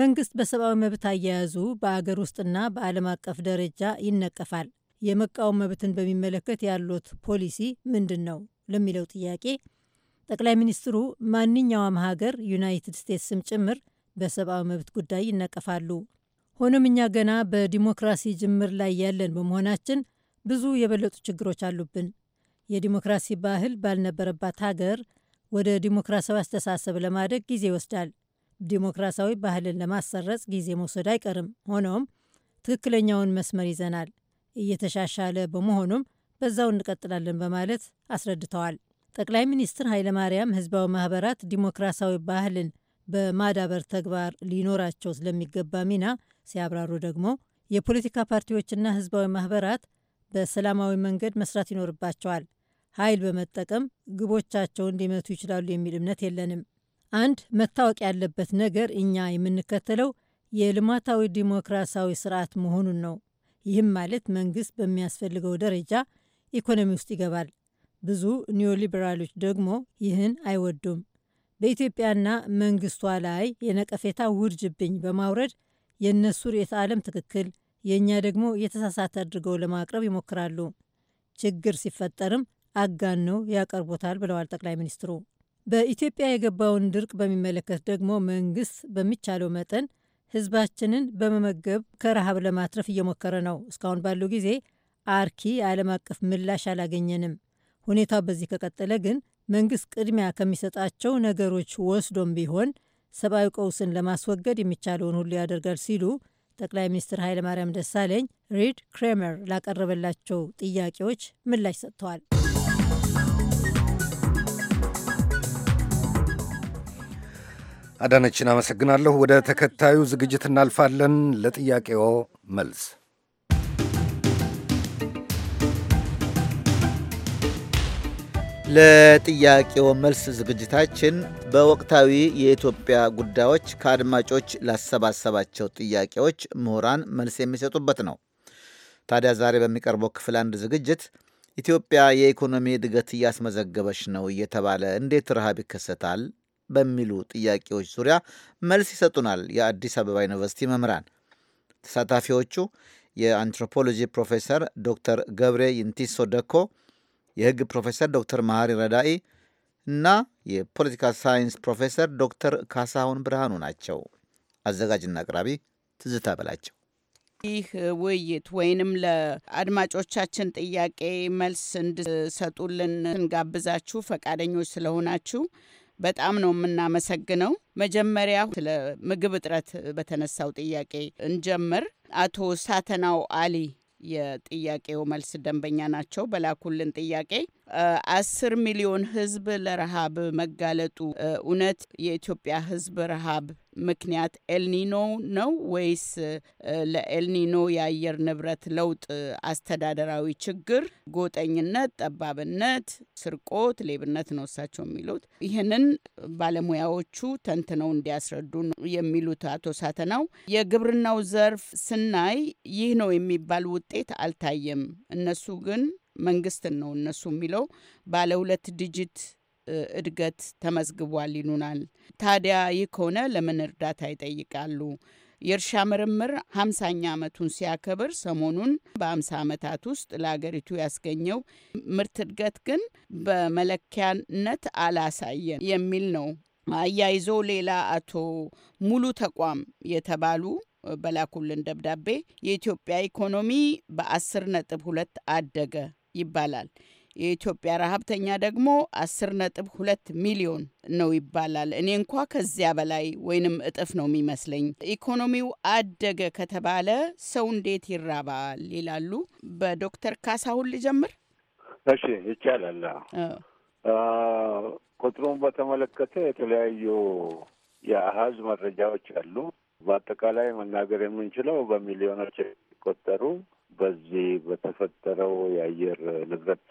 መንግስት በሰብአዊ መብት አያያዙ በአገር ውስጥና በዓለም አቀፍ ደረጃ ይነቀፋል። የመቃወም መብትን በሚመለከት ያሉት ፖሊሲ ምንድን ነው ለሚለው ጥያቄ ጠቅላይ ሚኒስትሩ ማንኛውም ሀገር ዩናይትድ ስቴትስም ጭምር በሰብአዊ መብት ጉዳይ ይነቀፋሉ። ሆኖም እኛ ገና በዲሞክራሲ ጅምር ላይ ያለን በመሆናችን ብዙ የበለጡ ችግሮች አሉብን። የዲሞክራሲ ባህል ባልነበረባት ሀገር ወደ ዲሞክራሲያዊ አስተሳሰብ ለማደግ ጊዜ ይወስዳል። ዲሞክራሲያዊ ባህልን ለማሰረጽ ጊዜ መውሰድ አይቀርም። ሆኖም ትክክለኛውን መስመር ይዘናል፣ እየተሻሻለ በመሆኑም በዛው እንቀጥላለን በማለት አስረድተዋል። ጠቅላይ ሚኒስትር ኃይለማርያም ህዝባዊ ማህበራት ዲሞክራሲያዊ ባህልን በማዳበር ተግባር ሊኖራቸው ስለሚገባ ሚና ሲያብራሩ ደግሞ የፖለቲካ ፓርቲዎችና ህዝባዊ ማህበራት በሰላማዊ መንገድ መስራት ይኖርባቸዋል። ኃይል በመጠቀም ግቦቻቸውን ሊመቱ ይችላሉ የሚል እምነት የለንም። አንድ መታወቅ ያለበት ነገር እኛ የምንከተለው የልማታዊ ዲሞክራሲያዊ ስርዓት መሆኑን ነው። ይህም ማለት መንግስት በሚያስፈልገው ደረጃ ኢኮኖሚ ውስጥ ይገባል። ብዙ ኒዮሊበራሎች ደግሞ ይህን አይወዱም። በኢትዮጵያና መንግስቷ ላይ የነቀፌታ ውርጅብኝ በማውረድ የእነሱ ርዕዮተ ዓለም ትክክል፣ የእኛ ደግሞ የተሳሳተ አድርገው ለማቅረብ ይሞክራሉ። ችግር ሲፈጠርም አጋነው ያቀርቡታል ብለዋል ጠቅላይ ሚኒስትሩ። በኢትዮጵያ የገባውን ድርቅ በሚመለከት ደግሞ መንግስት በሚቻለው መጠን ህዝባችንን በመመገብ ከረሃብ ለማትረፍ እየሞከረ ነው። እስካሁን ባለው ጊዜ አርኪ የዓለም አቀፍ ምላሽ አላገኘንም። ሁኔታው በዚህ ከቀጠለ ግን መንግስት ቅድሚያ ከሚሰጣቸው ነገሮች ወስዶም ቢሆን ሰብአዊ ቀውስን ለማስወገድ የሚቻለውን ሁሉ ያደርጋል ሲሉ ጠቅላይ ሚኒስትር ኃይለማርያም ደሳለኝ ሪድ ክሬመር ላቀረበላቸው ጥያቄዎች ምላሽ ሰጥተዋል። አዳነችን አመሰግናለሁ። ወደ ተከታዩ ዝግጅት እናልፋለን። ለጥያቄዎ መልስ ለጥያቄው መልስ ዝግጅታችን በወቅታዊ የኢትዮጵያ ጉዳዮች ከአድማጮች ላሰባሰባቸው ጥያቄዎች ምሁራን መልስ የሚሰጡበት ነው። ታዲያ ዛሬ በሚቀርበው ክፍል አንድ ዝግጅት ኢትዮጵያ የኢኮኖሚ እድገት እያስመዘገበች ነው እየተባለ እንዴት ረሃብ ይከሰታል በሚሉ ጥያቄዎች ዙሪያ መልስ ይሰጡናል የአዲስ አበባ ዩኒቨርሲቲ መምህራን። ተሳታፊዎቹ የአንትሮፖሎጂ ፕሮፌሰር ዶክተር ገብሬ ይንቲሶ ደኮ፣ የህግ ፕሮፌሰር ዶክተር መሐሪ ረዳኢ እና የፖለቲካ ሳይንስ ፕሮፌሰር ዶክተር ካሳሁን ብርሃኑ ናቸው። አዘጋጅና አቅራቢ ትዝታ በላቸው። ይህ ውይይት ወይንም ለአድማጮቻችን ጥያቄ መልስ እንድሰጡልን እንጋብዛችሁ ፈቃደኞች ስለሆናችሁ በጣም ነው የምናመሰግነው። መጀመሪያ ስለ ምግብ እጥረት በተነሳው ጥያቄ እንጀምር። አቶ ሳተናው አሊ የጥያቄው መልስ ደንበኛ ናቸው። በላኩልን ጥያቄ አስር ሚሊዮን ህዝብ ለረሃብ መጋለጡ እውነት የኢትዮጵያ ህዝብ ረሃብ ምክንያት ኤልኒኖ ነው ወይስ ለኤልኒኖ የአየር ንብረት ለውጥ አስተዳደራዊ ችግር፣ ጎጠኝነት፣ ጠባብነት፣ ስርቆት፣ ሌብነት ነው እሳቸው የሚሉት? ይህንን ባለሙያዎቹ ተንትነው እንዲያስረዱ ነው የሚሉት አቶ ሳተናው። የግብርናው ዘርፍ ስናይ ይህ ነው የሚባል ውጤት አልታየም። እነሱ ግን መንግስትን ነው እነሱ የሚለው ባለ ሁለት ዲጂት እድገት ተመዝግቧል ይሉናል። ታዲያ ይህ ከሆነ ለምን እርዳታ ይጠይቃሉ? የእርሻ ምርምር ሀምሳኛ ዓመቱን ሲያከብር ሰሞኑን በሀምሳ ዓመታት ውስጥ ለሀገሪቱ ያስገኘው ምርት እድገት ግን በመለኪያነት አላሳየን የሚል ነው። አያይዞ ሌላ አቶ ሙሉ ተቋም የተባሉ በላኩልን ደብዳቤ የኢትዮጵያ ኢኮኖሚ በአስር ነጥብ ሁለት አደገ ይባላል። የኢትዮጵያ ረሀብተኛ ደግሞ 10.2 ሚሊዮን ነው ይባላል። እኔ እንኳ ከዚያ በላይ ወይንም እጥፍ ነው የሚመስለኝ። ኢኮኖሚው አደገ ከተባለ ሰው እንዴት ይራባል ይላሉ። በዶክተር ካሳሁን ልጀምር። እሺ፣ ይቻላል። ቁጥሩን በተመለከተ የተለያዩ የአሀዝ መረጃዎች አሉ። በአጠቃላይ መናገር የምንችለው በሚሊዮኖች የሚቆጠሩ በዚህ በተፈጠረው የአየር ንብረት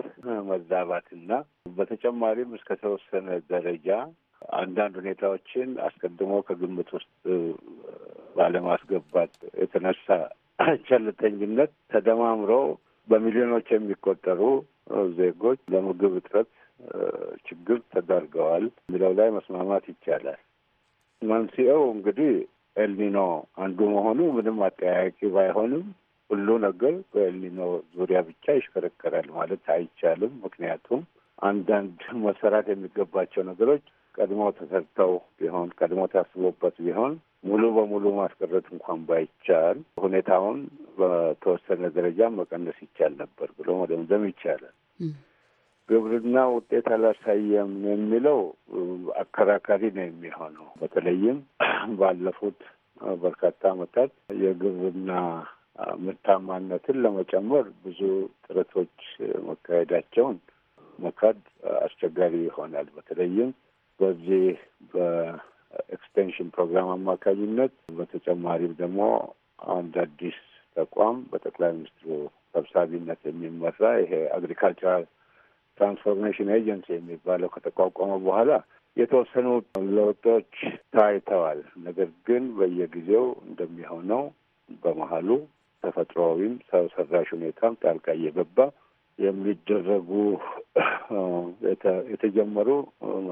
መዛባትና በተጨማሪም እስከተወሰነ ደረጃ አንዳንድ ሁኔታዎችን አስቀድሞ ከግምት ውስጥ ባለማስገባት የተነሳ ቸልተኝነት ተደማምሮ በሚሊዮኖች የሚቆጠሩ ዜጎች ለምግብ እጥረት ችግር ተዳርገዋል የሚለው ላይ መስማማት ይቻላል። መንስኤው እንግዲህ ኤልኒኖ አንዱ መሆኑ ምንም አጠያያቂ ባይሆንም ሁሉ ነገር በኤልኒኖ ዙሪያ ብቻ ይሽከረከራል ማለት አይቻልም። ምክንያቱም አንዳንድ መሰራት የሚገባቸው ነገሮች ቀድሞ ተሰርተው ቢሆን ቀድሞ ታስቦበት ቢሆን ሙሉ በሙሉ ማስቀረት እንኳን ባይቻል ሁኔታውን በተወሰነ ደረጃ መቀነስ ይቻል ነበር ብሎ መደምደም ይቻላል። ግብርና ውጤት አላሳየም የሚለው አከራካሪ ነው የሚሆነው። በተለይም ባለፉት በርካታ ዓመታት የግብርና ምርታማነትን ለመጨመር ብዙ ጥረቶች መካሄዳቸውን መካድ አስቸጋሪ ይሆናል። በተለይም በዚህ በኤክስቴንሽን ፕሮግራም አማካኝነት በተጨማሪም ደግሞ አንድ አዲስ ተቋም በጠቅላይ ሚኒስትሩ ሰብሳቢነት የሚመራ ይሄ አግሪካልቸራል ትራንስፎርሜሽን ኤጀንሲ የሚባለው ከተቋቋመ በኋላ የተወሰኑ ለውጦች ታይተዋል። ነገር ግን በየጊዜው እንደሚሆነው በመሀሉ ተፈጥሮዊም ሰው ሰራሽ ሁኔታም ጣልቃ እየገባ የሚደረጉ የተጀመሩ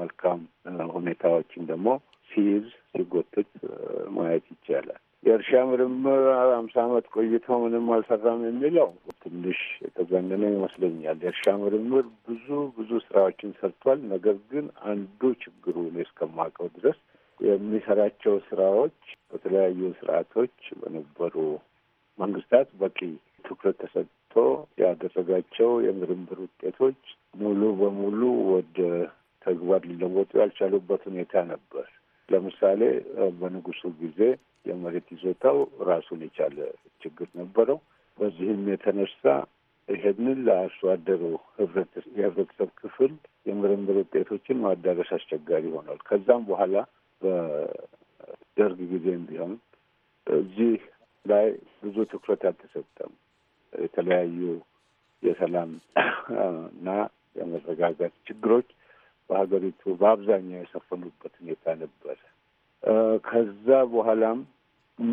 መልካም ሁኔታዎችን ደግሞ ሲይዝ ሲጎትት ማየት ይቻላል። የእርሻ ምርምር አምሳ ዓመት ቆይቶ ምንም አልሰራም የሚለው ትንሽ የተጋነነ ይመስለኛል። የእርሻ ምርምር ብዙ ብዙ ስራዎችን ሰርቷል። ነገር ግን አንዱ ችግሩ ነው እስከማውቀው ድረስ የሚሰራቸው ስራዎች በተለያዩ ስርዓቶች በነበሩ መንግስታት በቂ ትኩረት ተሰጥቶ ያደረጋቸው የምርምር ውጤቶች ሙሉ በሙሉ ወደ ተግባር ሊለወጡ ያልቻሉበት ሁኔታ ነበር። ለምሳሌ በንጉሱ ጊዜ የመሬት ይዞታው ራሱን የቻለ ችግር ነበረው። በዚህም የተነሳ ይሄንን ለአርሶ አደሩ የህብረተሰብ ክፍል የምርምር ውጤቶችን ማዳረስ አስቸጋሪ ሆኗል። ከዛም በኋላ በደርግ ጊዜም ቢሆን እዚህ ላይ ብዙ ትኩረት አልተሰጠም። የተለያዩ የሰላም እና የመረጋጋት ችግሮች በሀገሪቱ በአብዛኛው የሰፈኑበት ሁኔታ ነበረ። ከዛ በኋላም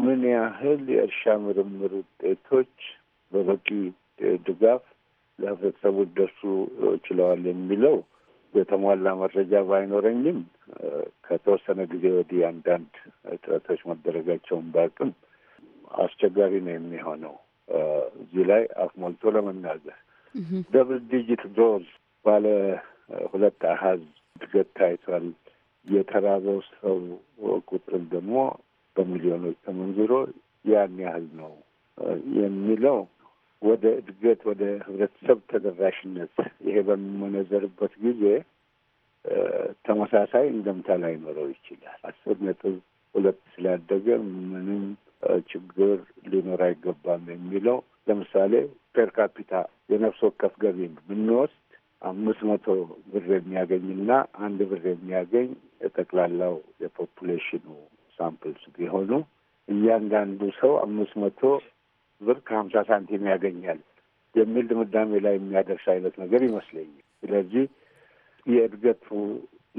ምን ያህል የእርሻ ምርምር ውጤቶች በበቂ ድጋፍ ለህብረተሰቡ ሊደርሱ ችለዋል የሚለው የተሟላ መረጃ ባይኖረኝም ከተወሰነ ጊዜ ወዲህ አንዳንድ ጥረቶች መደረጋቸውን ባቅም አስቸጋሪ ነው የሚሆነው። እዚህ ላይ አፍሞልቶ ለመናዘህ ደብል ዲጂት ዶዝ ባለ ሁለት አሀዝ እድገት ታይቷል። የተራበው ሰው ቁጥር ደግሞ በሚሊዮኖች ተመንዝሮ ያን ያህል ነው የሚለው ወደ እድገት ወደ ህብረተሰብ ተደራሽነት ይሄ በሚመነዘርበት ጊዜ ተመሳሳይ እንደምታ ላይኖረው ይችላል። አስር ነጥብ ሁለት ስላደገ ምንም ችግር ሊኖር አይገባም የሚለው ለምሳሌ ፔር ካፒታ የነፍስ ወከፍ ገቢ ብንወስድ አምስት መቶ ብር የሚያገኝና አንድ ብር የሚያገኝ የጠቅላላው የፖፑሌሽኑ ሳምፕልስ ቢሆኑ እያንዳንዱ ሰው አምስት መቶ ብር ከሀምሳ ሳንቲም ያገኛል የሚል ድምዳሜ ላይ የሚያደርስ አይነት ነገር ይመስለኛል። ስለዚህ የእድገቱ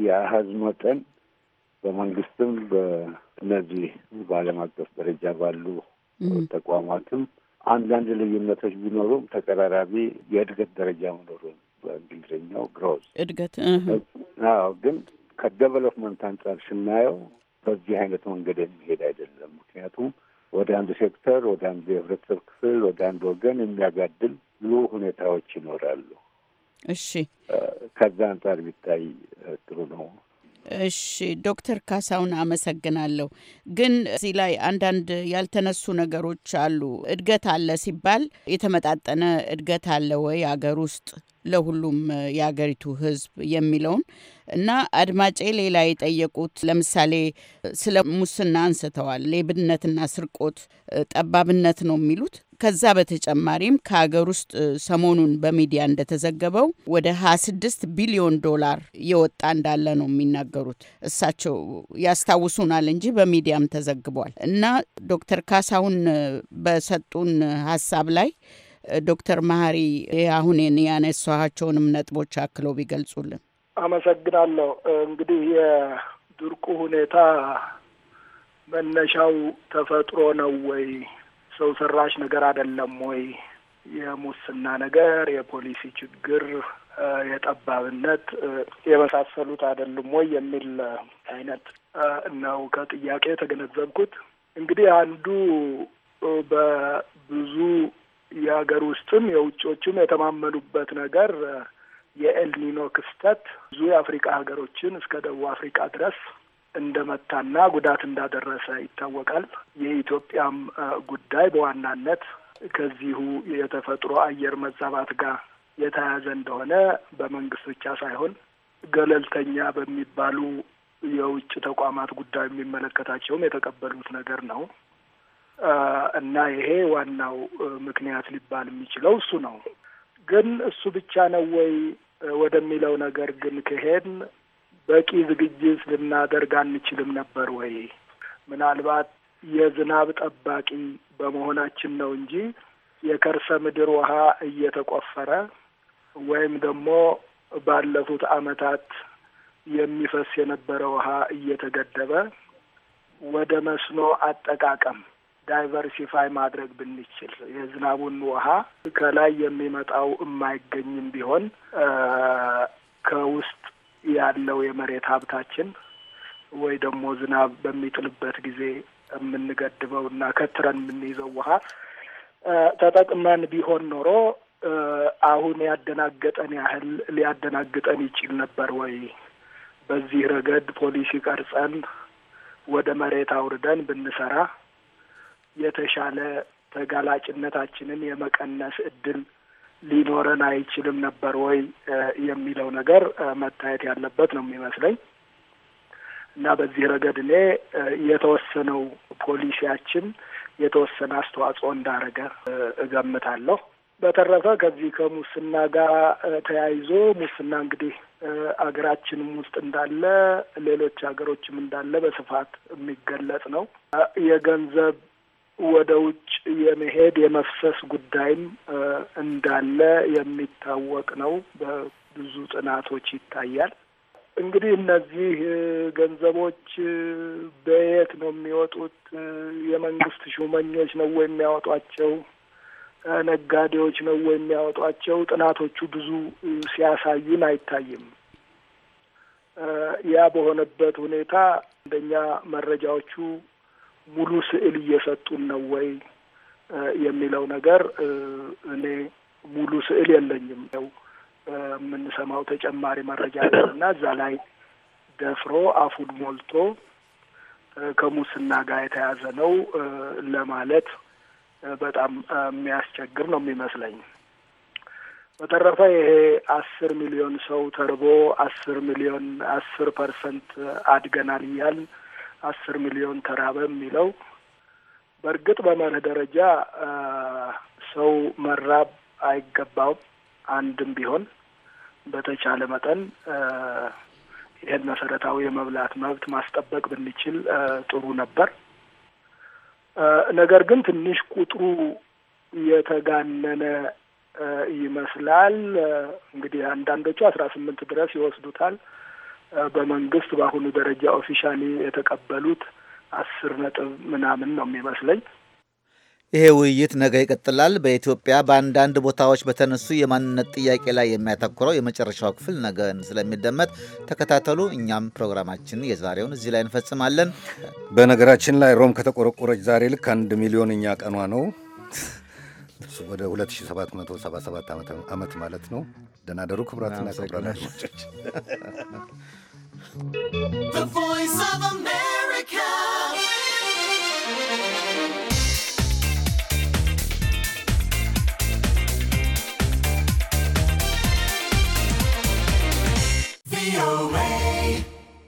የአሀዝ መጠን በመንግስትም በእነዚህ በዓለም አቀፍ ደረጃ ባሉ ተቋማትም አንዳንድ ልዩነቶች ቢኖሩም ተቀራራቢ የእድገት ደረጃ መኖሩ በእንግሊዝኛው ግሮዝ እድገት። አዎ፣ ግን ከዴቨሎፕመንት አንጻር ስናየው በዚህ አይነት መንገድ የሚሄድ አይደለም። ምክንያቱም ወደ አንድ ሴክተር፣ ወደ አንድ የህብረተሰብ ክፍል፣ ወደ አንድ ወገን ብዙ ሁኔታዎች ይኖራሉ። እሺ፣ ከዛ አንጻር ቢታይ ጥሩ ነው። እሺ ዶክተር ካሳውን አመሰግናለሁ። ግን እዚህ ላይ አንዳንድ ያልተነሱ ነገሮች አሉ። እድገት አለ ሲባል የተመጣጠነ እድገት አለ ወይ አገር ውስጥ ለሁሉም የአገሪቱ ህዝብ የሚለውን እና አድማጬ ሌላ የጠየቁት ለምሳሌ ስለ ሙስና አንስተዋል። ሌብነትና ስርቆት ጠባብነት ነው የሚሉት። ከዛ በተጨማሪም ከሀገር ውስጥ ሰሞኑን በሚዲያ እንደተዘገበው ወደ 26 ቢሊዮን ዶላር የወጣ እንዳለ ነው የሚናገሩት። እሳቸው ያስታውሱናል እንጂ በሚዲያም ተዘግቧል እና ዶክተር ካሳሁን በሰጡን ሀሳብ ላይ ዶክተር መሀሪ አሁን ያነሷቸውንም ነጥቦች አክለው ቢገልጹልን። አመሰግናለሁ። እንግዲህ የድርቁ ሁኔታ መነሻው ተፈጥሮ ነው ወይ ሰው ሰራሽ ነገር አይደለም ወይ? የሙስና ነገር፣ የፖሊሲ ችግር፣ የጠባብነት የመሳሰሉት አይደሉም ወይ የሚል አይነት ነው ከጥያቄ የተገነዘብኩት። እንግዲህ አንዱ በብዙ የሀገር ውስጥም የውጮቹም የተማመኑበት ነገር የኤልኒኖ ክስተት ብዙ የአፍሪቃ ሀገሮችን እስከ ደቡብ አፍሪቃ ድረስ እንደመታና ጉዳት እንዳደረሰ ይታወቃል። የኢትዮጵያም ጉዳይ በዋናነት ከዚሁ የተፈጥሮ አየር መዛባት ጋር የተያያዘ እንደሆነ በመንግስት ብቻ ሳይሆን ገለልተኛ በሚባሉ የውጭ ተቋማት ጉዳዩ የሚመለከታቸውም የተቀበሉት ነገር ነው። እና ይሄ ዋናው ምክንያት ሊባል የሚችለው እሱ ነው። ግን እሱ ብቻ ነው ወይ ወደሚለው ነገር ግን ከሄድን በቂ ዝግጅት ልናደርግ አንችልም ነበር ወይ? ምናልባት የዝናብ ጠባቂ በመሆናችን ነው እንጂ የከርሰ ምድር ውሃ እየተቆፈረ ወይም ደግሞ ባለፉት ዓመታት የሚፈስ የነበረ ውሃ እየተገደበ ወደ መስኖ አጠቃቀም ዳይቨርሲፋይ ማድረግ ብንችል የዝናቡን ውሃ ከላይ የሚመጣው የማይገኝም ቢሆን ከውስጥ ያለው የመሬት ሀብታችን ወይ ደግሞ ዝናብ በሚጥልበት ጊዜ የምንገድበው እና ከትረን የምንይዘው ውሃ ተጠቅመን ቢሆን ኖሮ አሁን ያደናገጠን ያህል ሊያደናግጠን ይችል ነበር ወይ? በዚህ ረገድ ፖሊሲ ቀርጸን ወደ መሬት አውርደን ብንሰራ የተሻለ ተጋላጭነታችንን የመቀነስ እድል ሊኖረን አይችልም ነበር ወይ የሚለው ነገር መታየት ያለበት ነው የሚመስለኝ እና በዚህ ረገድ እኔ የተወሰነው ፖሊሲያችን የተወሰነ አስተዋጽኦ እንዳረገ እገምታለሁ። በተረፈ ከዚህ ከሙስና ጋር ተያይዞ ሙስና እንግዲህ አገራችንም ውስጥ እንዳለ ሌሎች ሀገሮችም እንዳለ በስፋት የሚገለጽ ነው። የገንዘብ ወደ ውጭ የመሄድ የመፍሰስ ጉዳይም እንዳለ የሚታወቅ ነው። በብዙ ጥናቶች ይታያል። እንግዲህ እነዚህ ገንዘቦች በየት ነው የሚወጡት? የመንግስት ሹመኞች ነው ወይ የሚያወጧቸው? ነጋዴዎች ነው ወይ የሚያወጧቸው? ጥናቶቹ ብዙ ሲያሳዩን አይታይም። ያ በሆነበት ሁኔታ አንደኛ መረጃዎቹ ሙሉ ስዕል እየሰጡን ነው ወይ የሚለው ነገር እኔ ሙሉ ስዕል የለኝም። ያው የምንሰማው ተጨማሪ መረጃ እና እዛ ላይ ደፍሮ አፉን ሞልቶ ከሙስና ጋር የተያዘ ነው ለማለት በጣም የሚያስቸግር ነው የሚመስለኝ። በተረፈ ይሄ አስር ሚሊዮን ሰው ተርቦ አስር ሚሊዮን አስር ፐርሰንት አድገናል እያል አስር ሚሊዮን ተራበ የሚለው በእርግጥ በመርህ ደረጃ ሰው መራብ አይገባውም። አንድም ቢሆን በተቻለ መጠን ይህን መሰረታዊ የመብላት መብት ማስጠበቅ ብንችል ጥሩ ነበር። ነገር ግን ትንሽ ቁጥሩ የተጋነነ ይመስላል። እንግዲህ አንዳንዶቹ አስራ ስምንት ድረስ ይወስዱታል። በመንግስት በአሁኑ ደረጃ ኦፊሻሊ የተቀበሉት አስር ነጥብ ምናምን ነው የሚመስለኝ። ይሄ ውይይት ነገ ይቀጥላል። በኢትዮጵያ በአንዳንድ ቦታዎች በተነሱ የማንነት ጥያቄ ላይ የሚያተኩረው የመጨረሻው ክፍል ነገን ስለሚደመጥ ተከታተሉ። እኛም ፕሮግራማችን የዛሬውን እዚህ ላይ እንፈጽማለን። በነገራችን ላይ ሮም ከተቆረቆረች ዛሬ ልክ አንድ ሚሊዮንኛ ቀኗ ነው። ወደ 2777 ዓመት ማለት ነው። ደህና ደሩ ክቡራትና ክቡራን አድማጮች።